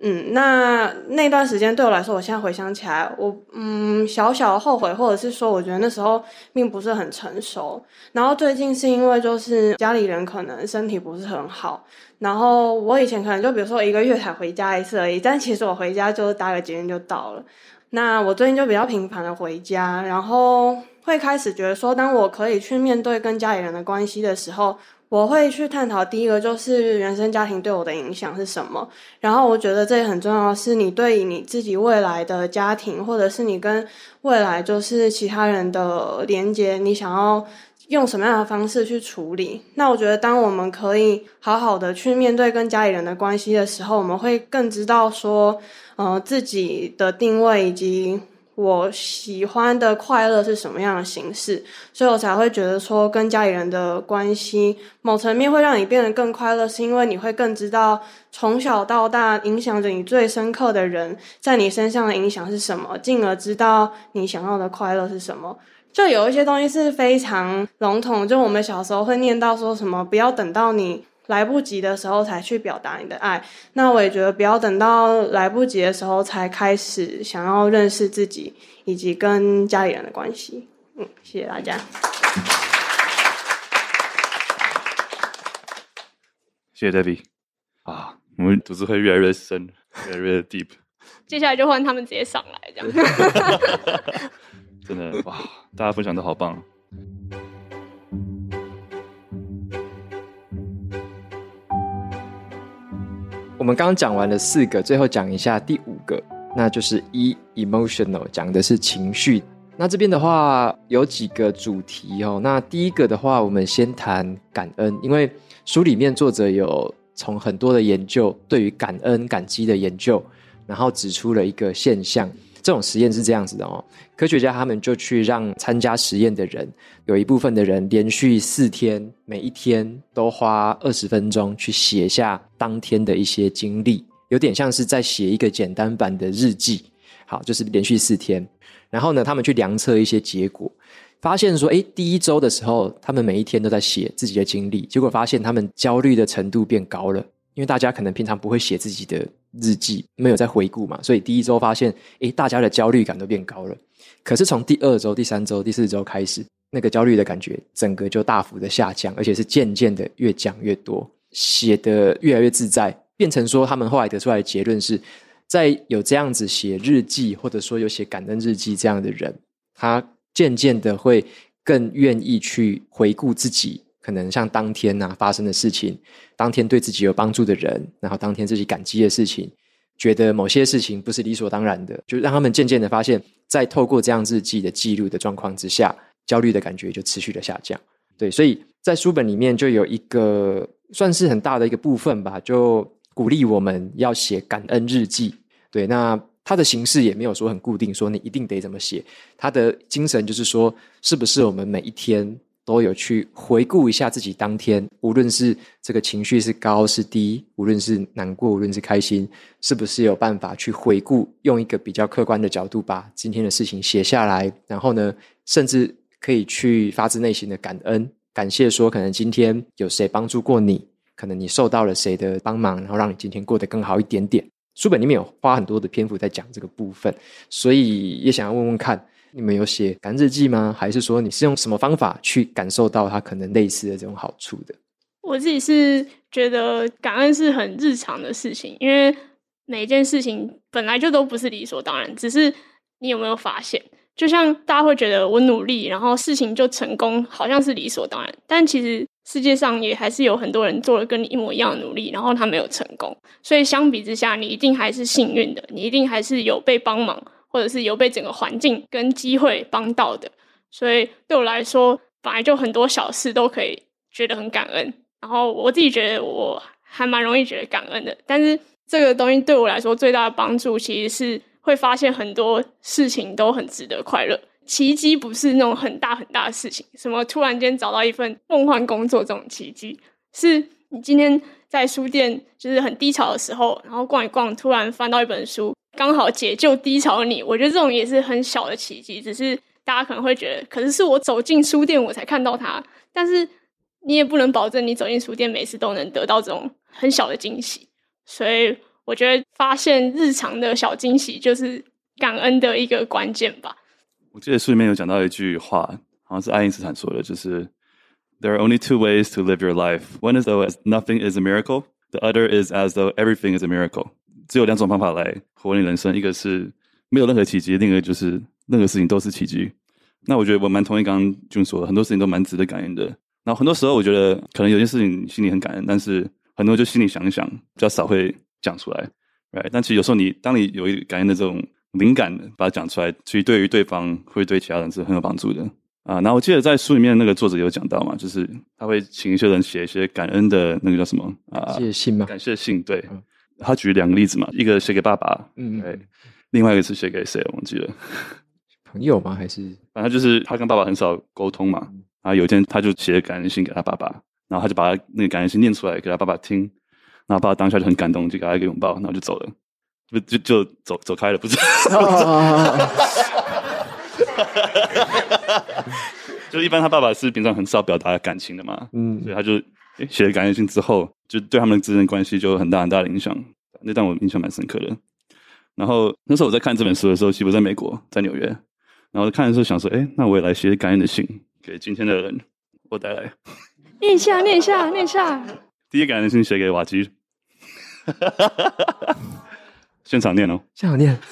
嗯，那那段時間對我來說，我現在回想起來，我嗯小小的後悔，或者是說，我覺得那時候並不是很成熟。然後最近是因為就是家裡人可能身體不是很好，然後我以前可能就比如說一個月才回家一次而已，但其實我回家就是搭個捷運就到了。那我最近就比較頻繁的回家，然後會開始覺得說，當我可以去面對跟家裡人的關係的時候。我會去探討第一個，就是原生家庭對我的影響是什麼。然後我覺得這很重要，是你對於你自己未來的家庭，或者是你跟未來就是其他人的連接，你想要用什麼樣的方式去處理？那我覺得，當我們可以好好的去面對跟家裡人的關係的時候，我們會更知道說，呃，自己的定位以及，我喜歡的快樂是什麼樣的形式，所以我才會覺得說，跟家裡人的關係，某層面會讓你變得更快樂，是因為你會更知道從小到大影響着你最深刻的人在你身上的影響是什麼，進而知道你想要的快樂是什麼。就有一些東西是非常籠統，就我們小時候會念到說什麼，不要等到你。來不及的時候才去表達你的愛，那我也覺得不要等到來不及的時候才開始想要認識自己以及跟家裡人的關係。嗯，謝謝大家。謝謝 David。啊，我們總是會越來越深，越來越 deep。接下來就換他們直接上來，這樣。 真的，哇，大家分享的好棒。我們剛剛講完了四個，最後講一下第五個，那就是 E emotional，講的是情緒。那這邊的話有幾個主題哦。那第一個的話，我們先談感恩，因為書裡面作者有從很多的研究，對於感恩感激的研究，然後指出了一個現象。這種實驗是這樣子的哦，科學家他們就去讓參加實驗的人，有一部分的人連續四天，每一天都花二十分鐘去寫下當天的一些經歷，有點像是在寫一個簡單版的日記。好，就是連續四天，然後呢，他們去量測一些結果，發現說，哎，第一周的時候，他們每一天都在寫自己的經歷，結果發現他們焦慮的程度變高了，因為大家可能平常不會寫自己的。日記沒有再回顧嘛，所以第一周發現，誒，大家的焦慮感都變高了。可是從第二周、第三周、第四周開始，那個焦慮的感覺整個就大幅的下降，而且是漸漸的越講越多，寫得越來越自在，變成說他們後來得出來的結論是，在有這樣子寫日記，或者說有寫感恩日記這樣的人，他漸漸的會更願意去回顧自己。可能像當天啊，發生的事情，當天對自己有幫助的人，然後當天自己感激的事情，覺得某些事情不是理所當然的，就讓他們漸漸的發現，在透過這樣日記的記錄的狀況之下，焦慮的感覺就持續的下降。對，所以在書本裡面就有一個算是很大的一個部分吧，就鼓勵我們要寫感恩日記。對，那它的形式也沒有說很固定，說你一定得怎麼寫。它的精神就是說，是不是我們每一天。都有去回顧一下自己當天，無論是這個情緒是高是低，無論是難過，無論是開心，是不是有辦法去回顧，用一個比較客觀的角度把今天的事情寫下來，然後呢，甚至可以去發自內心的感恩，感謝說可能今天有誰幫助過你，可能你受到了誰的幫忙，然後讓你今天過得更好一點點。書本裡面有花很多的篇幅在講這個部分，所以也想要問問看。你們有寫感恩日記嗎？還是說你是用什麼方法去感受到它可能類似的這種好處的？我自己是覺得感恩是很日常的事情，因為每一件事情本來就都不是理所當然。只是你有沒有發現，就像大家會覺得我努力，然後事情就成功，好像是理所當然。但其實世界上也還是有很多人做了跟你一模一樣的努力，然後他沒有成功。所以相比之下，你一定還是幸運的，你一定還是有被幫忙。或者是有被整個環境跟機會幫到的，所以對我來說，本來就很多小事都可以覺得很感恩。然後我自己覺得我還蠻容易覺得感恩的，但是這個東西對我來說最大的幫助，其實是會發現很多事情都很值得快樂。奇蹟不是那種很大很大的事情，什麼突然間找到一份夢幻工作這種奇蹟，是你今天在書店就是很低潮的時候，然後逛一逛，突然翻到一本書。剛好解救低潮的你，我覺得這種也是很小的奇蹟。只是大家可能會覺得，可能是，是我走進書店我才看到它，但是你也不能保證你走進書店每次都能得到這種很小的驚喜。所以我覺得發現日常的小驚喜就是感恩的一個關鍵吧。我記得書裡面有講到一句話，好像是愛因斯坦說的，就是 "There are only two ways to live your life. One is as though nothing is a miracle. The other is as though everything is a miracle." 只有兩種方法來活你人、人生，一個是沒有任何奇蹟，另一個就是任何事情都是奇蹟。那我覺得我蠻同意剛剛俊說的，很多事情都蠻值得感恩的。然後很多時候我覺得可能有些事情心裡很感恩，但是很多人就心裡想一想，比較少會講出來。Right? 但其實有時候你當你有一感恩的這種靈感，把它講出來，其實對於對方會對其他人是很有幫助的啊。那我記得在書裡面那個作者有講到嘛，就是他會請一些人寫一些感恩的那個叫什麼啊謝謝，感謝信嘛，感謝信，對。嗯他舉兩個例子嘛，一個寫給爸爸，對嗯，嗯，另外一個是寫給誰，我忘記了？朋友吧還是，反正就是他跟爸爸很少溝通嘛，嗯。然後有一天，他就寫感恩信給他爸爸，然後他就把他那個感恩信念出來給他爸爸聽，然後爸爸當下就很感動，就給他一個擁抱，然後就走了，不就就走走開了，不是？道、啊。 就一般他爸爸是平常很少表達感情的嘛，嗯，所以他就。誒寫了感恩信之後，就對他們之間的關係就有很大很大的影響。那段我印象蠻深刻的。然後那時候我在看這本書的時候，其實我在美國，在紐約。然後看的時候想說：“哎，那我也來寫感恩的信，給今天的人，我帶來。”念一下，念一下，念一下。第一感恩信寫給瓦基， 現場念哦，現場念。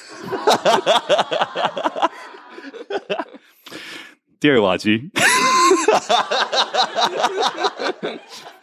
第二瓦基。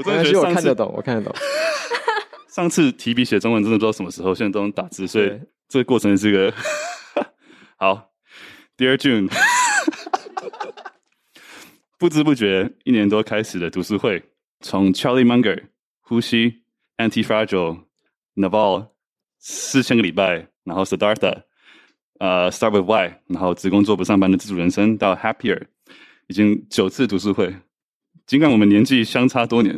我真的是我看得懂，我看得懂。 上次提筆寫中文真的不知道什麼時候，現在都能打字，所以這個過程是個 好。Dear June， 不知不覺一年多開始的讀書會，從 Charlie Munger、呼吸、Anti-Fragile、Naval 四千個禮拜，然後 Siddhartha，呃、uh，Start with Why，然後只工作不上班的自主人生到 Happier，已經九次讀書會。儘管我們年紀相差多年，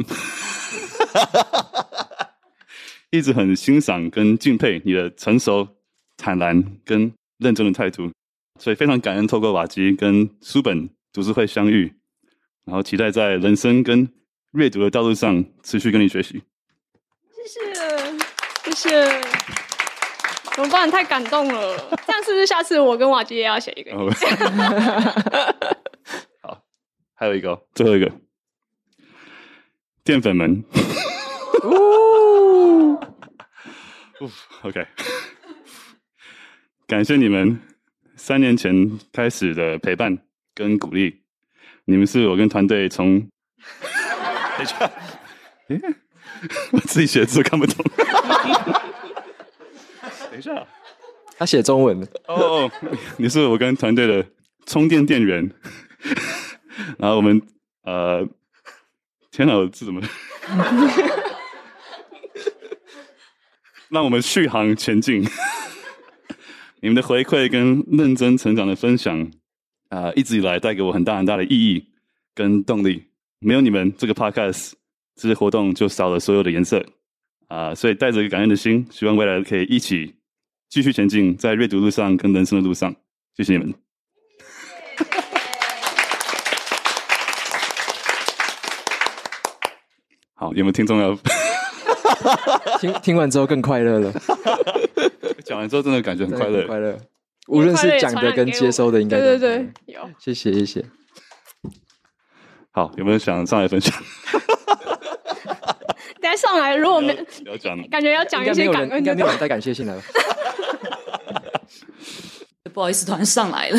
一直很欣賞跟敬佩你的成熟、坦然跟認真的態度，所以非常感恩透過瓦基跟書本讀書會相遇，然後期待在人生跟閱讀的道路上持續跟你學習。謝謝，謝謝，我幫人太感動了。這樣是不是下次我跟瓦基也要寫一個？ 好，還有一個，最後一個。澱粉們，哦 嗚 ，OK，感謝你們三年前開始的陪伴跟鼓勵，你們是我跟團隊從， 等一下，欸、我自己寫字看不懂， 等一下， 他寫中文哦，oh, oh. 你是我跟團隊的充電電源， 然後我們呃。天哪，這怎麼？ 讓我們續航前進。 你們的回饋跟認真成長的分享啊、呃，一直以來帶給我很大很大的意義跟動力。沒有你們，這個 podcast 這些活動就少了所有的顏色啊、呃。所以帶着一個感恩的心，希望未來可以一起繼續前進，在閱讀路上跟人生的路上。謝謝你們。好，有沒有聽眾要 聽？聽完之後更快樂了。講 完之後真的感覺很快樂，快樂。無論是講的跟接收的應該，應該對對對，有。謝謝謝謝。好，有沒有想上來分享？等 下 上來，如果沒，感覺要講一些感恩的，應該沒有人帶感謝信來了。 不好意思，突然上來了。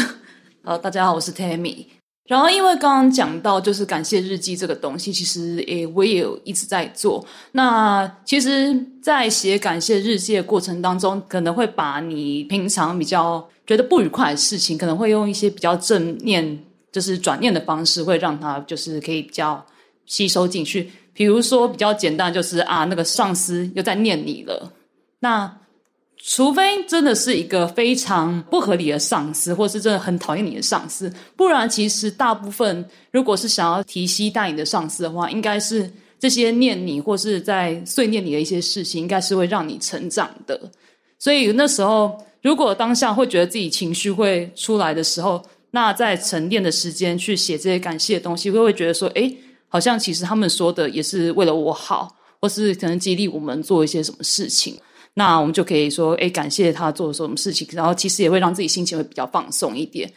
好，大家好，我是 Tammy。然後，因為剛剛講到就是感謝日記這個東西，其實誒，我也有一直在做。那其實，在寫感謝日記的過程當中，可能會把你平常比較覺得不愉快的事情，可能會用一些比較正念，就是轉念的方式，會讓它就是可以比較吸收進去。比如說，比較簡單，就是啊，那個上司又在念你了。那，除非真的是一個非常不合理的上司，或是真的很討厭你的上司，不然其實大部分，如果是想要提攜帶你的上司的話，應該是這些念你或是在碎念你的一些事情，應該是會讓你成長的。所以那時候，如果當下會覺得自己情緒會出來的時候，那在沉澱的時間去寫這些感謝的東西，會不會覺得說，哎，好像其實他們說的也是為了我好，或是可能激勵我們做一些什麼事情。那我們就可以說，哎，感謝他做什麼事情，然後其實也會讓自己心情會比較放鬆一點。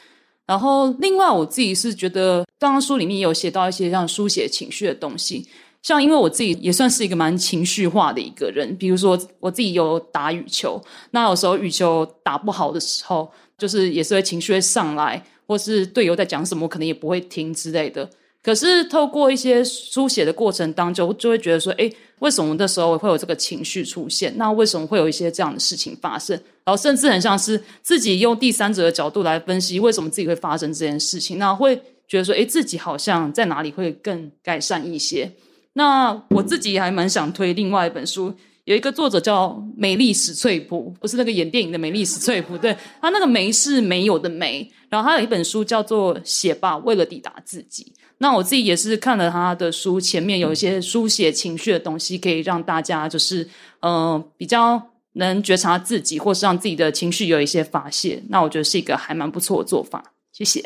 然後，另外我自己是覺得，當然書裡面有寫到一些像書寫情緒的東西，像因為我自己也算是一個蠻情緒化的一個人，比如說我自己有打羽球，那有時候羽球打不好的時候，就是也是會情緒會上來，或是隊友在講什麼，我可能也不會聽之類的。可是透過一些書寫的過程當中，就會覺得說，哎、欸，為什麼那時候會有這個情緒出現？那為什麼會有一些這樣的事情發生？然後甚至很像是自己用第三者的角度來分析，為什麼自己會發生這件事情？那會覺得說，哎、欸，自己好像在哪裡會更改善一些？那我自己還蠻想推另外一本書，有一個作者叫沒力史翠普，不是那個演電影的梅莉史翠普，對，他那個沒是沒有的沒。然後他有一本書叫做《寫吧，為了抵達自己》。那我自己也是看了他的書，前面有一些書寫情緒的東西，可以讓大家就是，嗯、呃，比較能覺察自己，或是讓自己的情緒有一些發洩。那我覺得是一個還蠻不錯的做法。謝謝。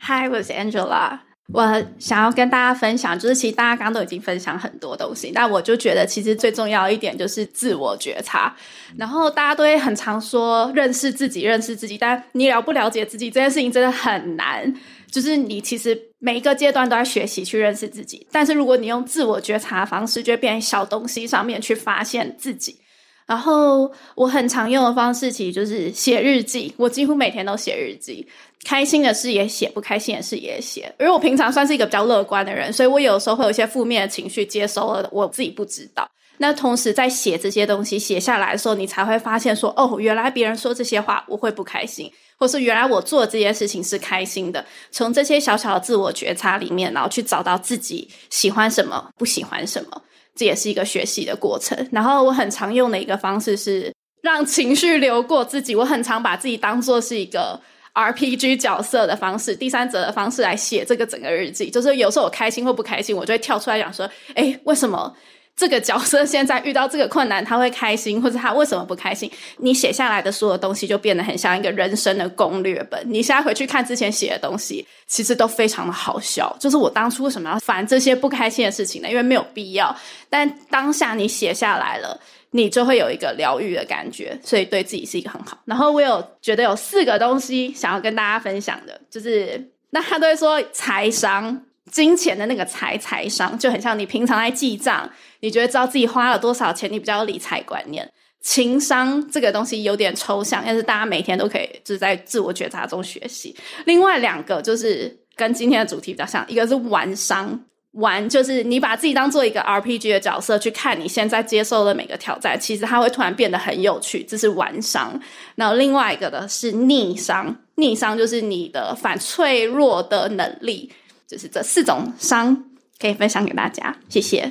Hi, 我是 Angela。我想要跟大家分享，就是其實大家剛剛都已經分享很多東西，但我就覺得其實最重要一點就是自我覺察。然後大家都會很常說認識自己，認識自己，但你了不了解自己這件事情真的很難。就是你其實每一個階段都在學習去認識自己，但是如果你用自我覺察的方式，就會變小東西上面去發現自己。然後我很常用的方式，其實就是寫日記，我幾乎每天都寫日記。開心的事也寫，不開心的事也寫。而我平常算是一個比較樂觀的人，所以我有時候會有一些負面的情緒接收了，我自己不知道。那同時在寫這些東西寫下來的時候，你才會發現說，哦，原來別人說這些話我會不開心，或是原來我做這件事情是開心的。從這些小小的自我覺察裡面，然後去找到自己喜歡什麼，不喜歡什麼，這也是一個學習的過程。然後我很常用的一個方式是讓情緒流過自己，我很常把自己當做是一個。RPG 角色的方式，第三者的方式來寫這個整個日記，就是有時候我開心或不開心，我就會跳出來講說：“誒、欸，為什麼這個角色現在遇到這個困難，他會開心，或者他為什麼不開心？”你寫下來的所有東西就變得很像一個人生的攻略本。你現在回去看之前寫的東西，其實都非常的好笑，就是我當初為什麼要煩這些不開心的事情呢？因為沒有必要。但當下你寫下來了。你就會有一個療癒的感覺，所以對自己是一個很好。然後我有覺得有四個東西想要跟大家分享的，就是那他都會說財商，金錢的那個財財商就很像你平常在記賬，你覺得知道自己花了多少錢，你比較有理財觀念。情商這個東西有點抽象，但是大家每天都可以就是在自我覺察中學習。另外兩個就是跟今天的主題比較像，一個是玩商。玩就是你把自己當做一個 RPG 的角色去看你現在接受的每個挑戰，其實他會突然變得很有趣，這是玩商。那另外一個呢？是逆商，逆商就是你的反脆弱的能力，就是這四種商可以分享給大家。謝謝。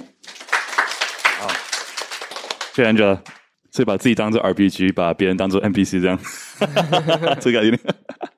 好，謝謝 a n 所以把自己當做 RPG，把別人當做 NPC 這樣，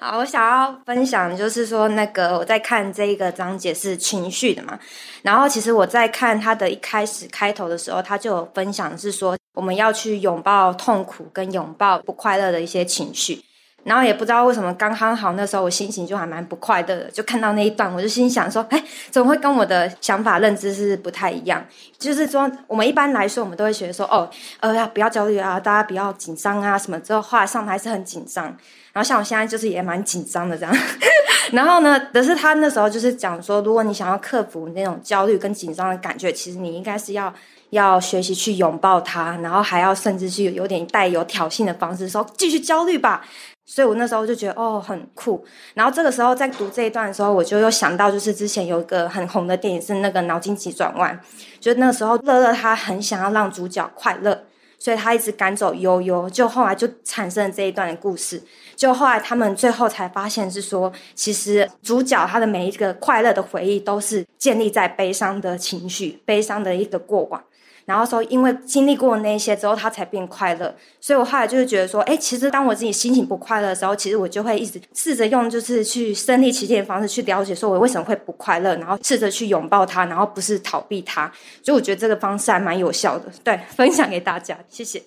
好，我想要分享，就是說那個我在看這一個章節是情緒的嘛。然後其實我在看他的一開始開頭的時候，他就有分享是說我們要去擁抱痛苦跟擁抱不快樂的一些情緒。然後也不知道為什麼，剛剛好那時候我心情就還蠻不快樂的，就看到那一段，我就心想說：“哎、欸，怎麼會跟我的想法認知是不太一樣？”就是說，我們一般來說，我們都會學說：“哦，呃，不要焦慮啊，大家不要緊張啊，什麼之後話上台是很緊張。”然後像我現在就是也蠻緊張的這樣， 然後呢，可是他那時候就是講說，如果你想要克服那種焦慮跟緊張的感覺，其實你應該是要要學習去擁抱它，然後還要甚至去有點帶有挑釁的方式說繼續焦慮吧。所以我那時候就覺得哦很酷。然後這個時候在讀這一段的時候，我就又想到就是之前有一個很紅的電影是那個腦筋急轉彎，就那個時候樂樂他很想要讓主角快樂，所以他一直趕走憂憂，就後來就產生了這一段的故事。就後來他們最後才發現是說，其實主角，他的每一個快樂的回憶都是建立在悲傷的情緒、悲傷的一個過往。然後說，因為經歷過那些之後，他才變快樂。所以我後來就是覺得說，誒，其實當我自己心情不快樂的時候，其實我就會一直試着用就是去身臨其境的方式去了解說我為什麼會不快樂，然後試着去擁抱他，然後不是逃避他。所以我覺得這個方式還蠻有效的，對，分享給大家，謝謝。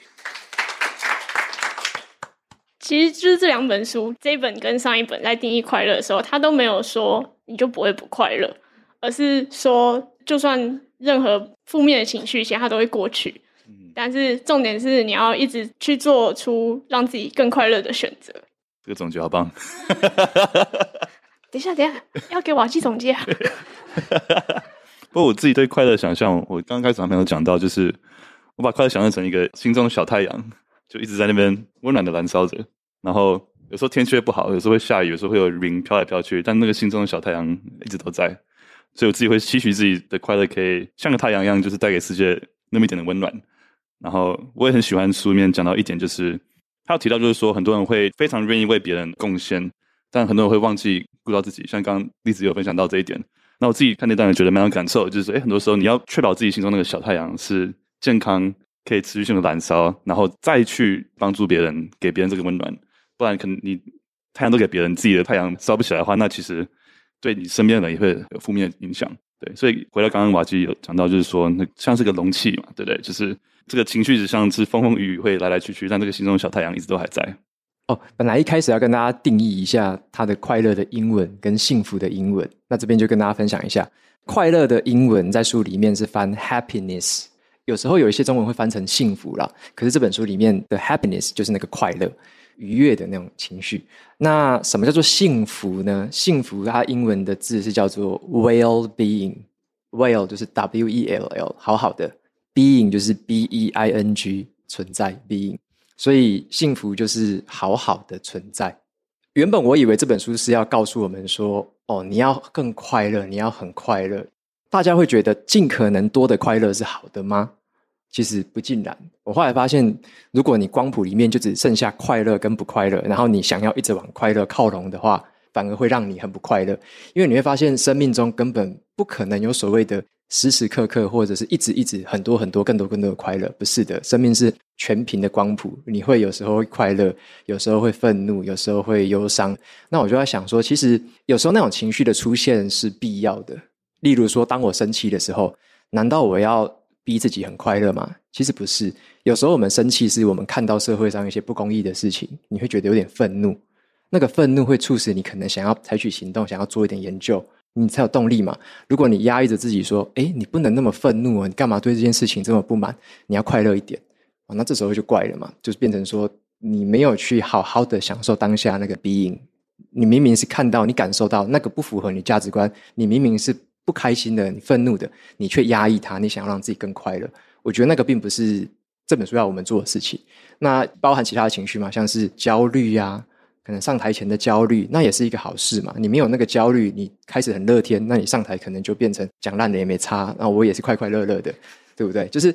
其實就是這兩本書，這本跟上一本在定義快樂的時候，他都沒有說你就不會不快樂，而是說就算任何負面的情緒先，其實它都會過去。但是重點是你要一直去做出讓自己更快樂的選擇。這個總結好棒！ 等一下，等一下，要給瓦基總結啊。 不過我自己對快樂想象我剛剛開始還沒有講到，就是我把快樂想象成一個心中的小太陽，就一直在那邊溫暖的燃燒着。然後有時候天氣會不好，有時候會下雨，有時候會有雲飄來飄去。但那個心中的小太陽一直都在，所以我自己會期許自己的快樂可以像個太陽一樣，就是帶給世界那麼一點的溫暖。然後我也很喜歡書裡面講到一點，就是他有提到，就是說很多人會非常願意為別人貢獻，但很多人會忘記顧到自己。像剛剛例子有分享到這一點，那我自己看那段也覺得蠻有感受，就是說哎，很多時候你要確保自己心中的那個小太陽是健康，可以持續性的燃燒，然後再去幫助別人，給別人這個溫暖。不然可能你太陽都給別人，自己的太陽燒不起來的話，那其實對你身邊的人也會有負面的影響。對，所以回到剛剛，瓦基有講到，就是說，那像是個容器嘛，對不對，對？就是這個情緒，就像是風風雨雨會來來去去，但這個心中的小太陽一直都還在。哦，本來一開始要跟大家定義一下他的快樂的英文跟幸福的英文，那這邊就跟大家分享一下，快樂的英文在書裡面是翻 happiness，有時候有一些中文會翻成幸福啦，可是這本書裡面的 happiness 就是那個快樂。愉悅的那種情緒。那什麼叫做幸福呢？幸福它英文的字是叫做、Wellbeing、well being，well 就是 W E L L 好好的，being 就是 B E I N G 存在 being。所以幸福就是好好的存在。原本我以為這本書是要告訴我們說，哦，你要更快樂，你要很快樂。大家會覺得盡可能多的快樂是好的嗎？其實不盡然，我後來發現，如果你光譜裡面就只剩下快樂跟不快樂，然後你想要一直往快樂靠攏的話，反而會讓你很不快樂，因為你會發現生命中根本不可能有所謂的時時刻刻或者是一直一直很多很多更多更多的快樂。不是的，生命是全頻的光譜，你會有時候會快樂，有時候會憤怒，有時候會憂傷。那我就在想說，其實有時候那種情緒的出現是必要的。例如說，當我生氣的時候，難道我要？逼自己很快樂嗎？其實不是。有時候我們生氣，是我們看到社會上一些不公義的事情，你會覺得有點憤怒。那個憤怒會促使你可能想要採取行動，想要做一點研究，你才有動力嘛。如果你壓抑着自己說：“哎，你不能那麼憤怒啊，你幹嘛對這件事情這麼不滿？你要快樂一點。”哦，那這時候就怪了嘛，就是變成說你沒有去好好的享受當下那個 being，你明明是看到，你感受到那個不符合你價值觀，你明明是。不開心的，你憤怒的，你卻壓抑它，你想要讓自己更快樂。我覺得那個並不是這本書要我們做的事情。那包含其他的情緒嘛，像是焦慮呀、啊，可能上台前的焦慮，那也是一個好事嘛。你沒有那個焦慮，你開始很樂天，那你上台可能就變成講爛的也沒差。那我也是快快樂樂的，對不對？就是。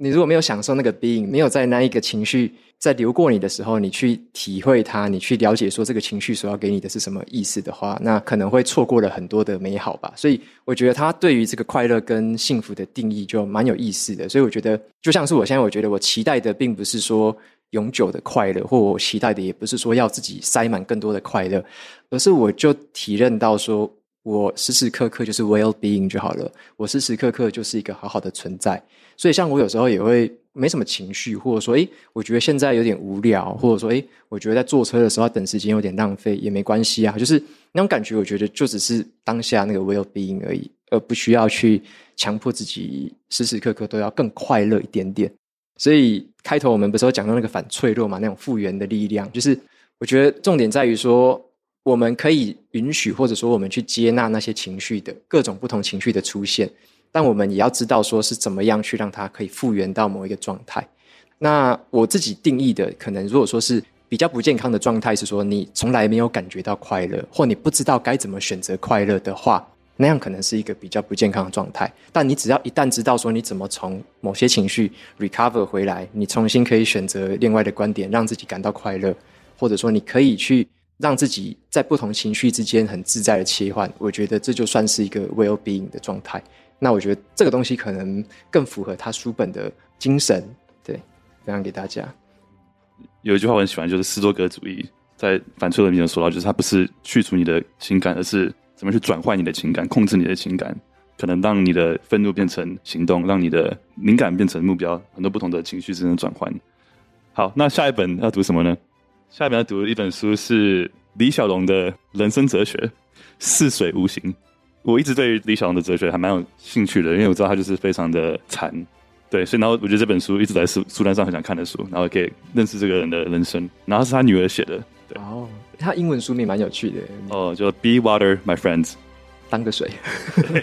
你如果沒有享受那個 being，沒有在那一個情緒在流過你的時候，你去體會它，你去了解說這個情緒所要給你的是什麼意思的話，那可能會錯過了很多的美好吧。所以我覺得他對於這個快樂跟幸福的定義就蠻有意思的。所以我覺得就像是我現在，我覺得我期待的並不是說永久的快樂，或我期待的也不是說要自己塞滿更多的快樂，而是我就體認到說。我時時刻刻就是 well being 就好了，我時時刻刻就是一個好好的存在。所以像我有時候也會沒什麼情緒，或者說，哎，我覺得現在有點無聊，或者說，哎，我覺得在坐車的時候要等時間有點浪費，也沒關係啊。就是那種感覺，我覺得就只是當下那個 well being 而已，而不需要去強迫自己時時刻刻都要更快樂一點點。所以開頭我們不是講到那個反脆弱嘛，那種復原的力量，就是我覺得重點在於說。我們可以允許，或者說我們去接納那些情緒的各種不同情緒的出現，但我們也要知道，說是怎麼樣去讓它可以復原到某一個狀態。那我自己定義的，可能如果說是比較不健康的狀態，是說你從來沒有感覺到快樂，或你不知道該怎麼選擇快樂的話，那樣可能是一個比較不健康的狀態。但你只要一旦知道說你怎麼從某些情緒 recover 回來，你重新可以選擇另外的觀點，讓自己感到快樂，或者說你可以去。讓自己在不同情緒之間很自在的切換，我覺得這就算是一個 well being 的狀態。那我覺得這個東西可能更符合他書本的精神。對，分享給大家。有一句話我很喜歡，就是斯多葛主義在反脆弱裡面說到，就是它不是去除你的情感，而是怎麼去轉換你的情感，控制你的情感，可能讓你的憤怒變成行動，讓你的靈感變成目標，很多不同的情緒之間的轉換。好，那下一本要讀什麼呢？下面要讀的一本書是李小龍的人生哲學《似水無形》。我一直對李小龍的哲學還蠻有興趣的，因為我知道他就是非常的殘，對，所以然後我覺得這本書一直在書書單上很想看的書，然後可以認識這個人的人生。然後是他女兒寫的，對。哦，他英文書名蠻有趣的。哦，叫 Be Water, My Friends。當個水，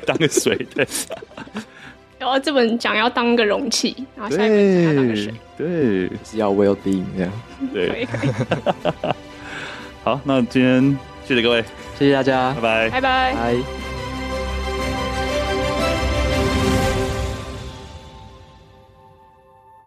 當個水，對。哦，這本講要當個容器，然後下一本要當個水，對，是要 well-being 這樣，對。 好，那今天謝謝各位，謝謝大家，拜拜，拜拜，拜。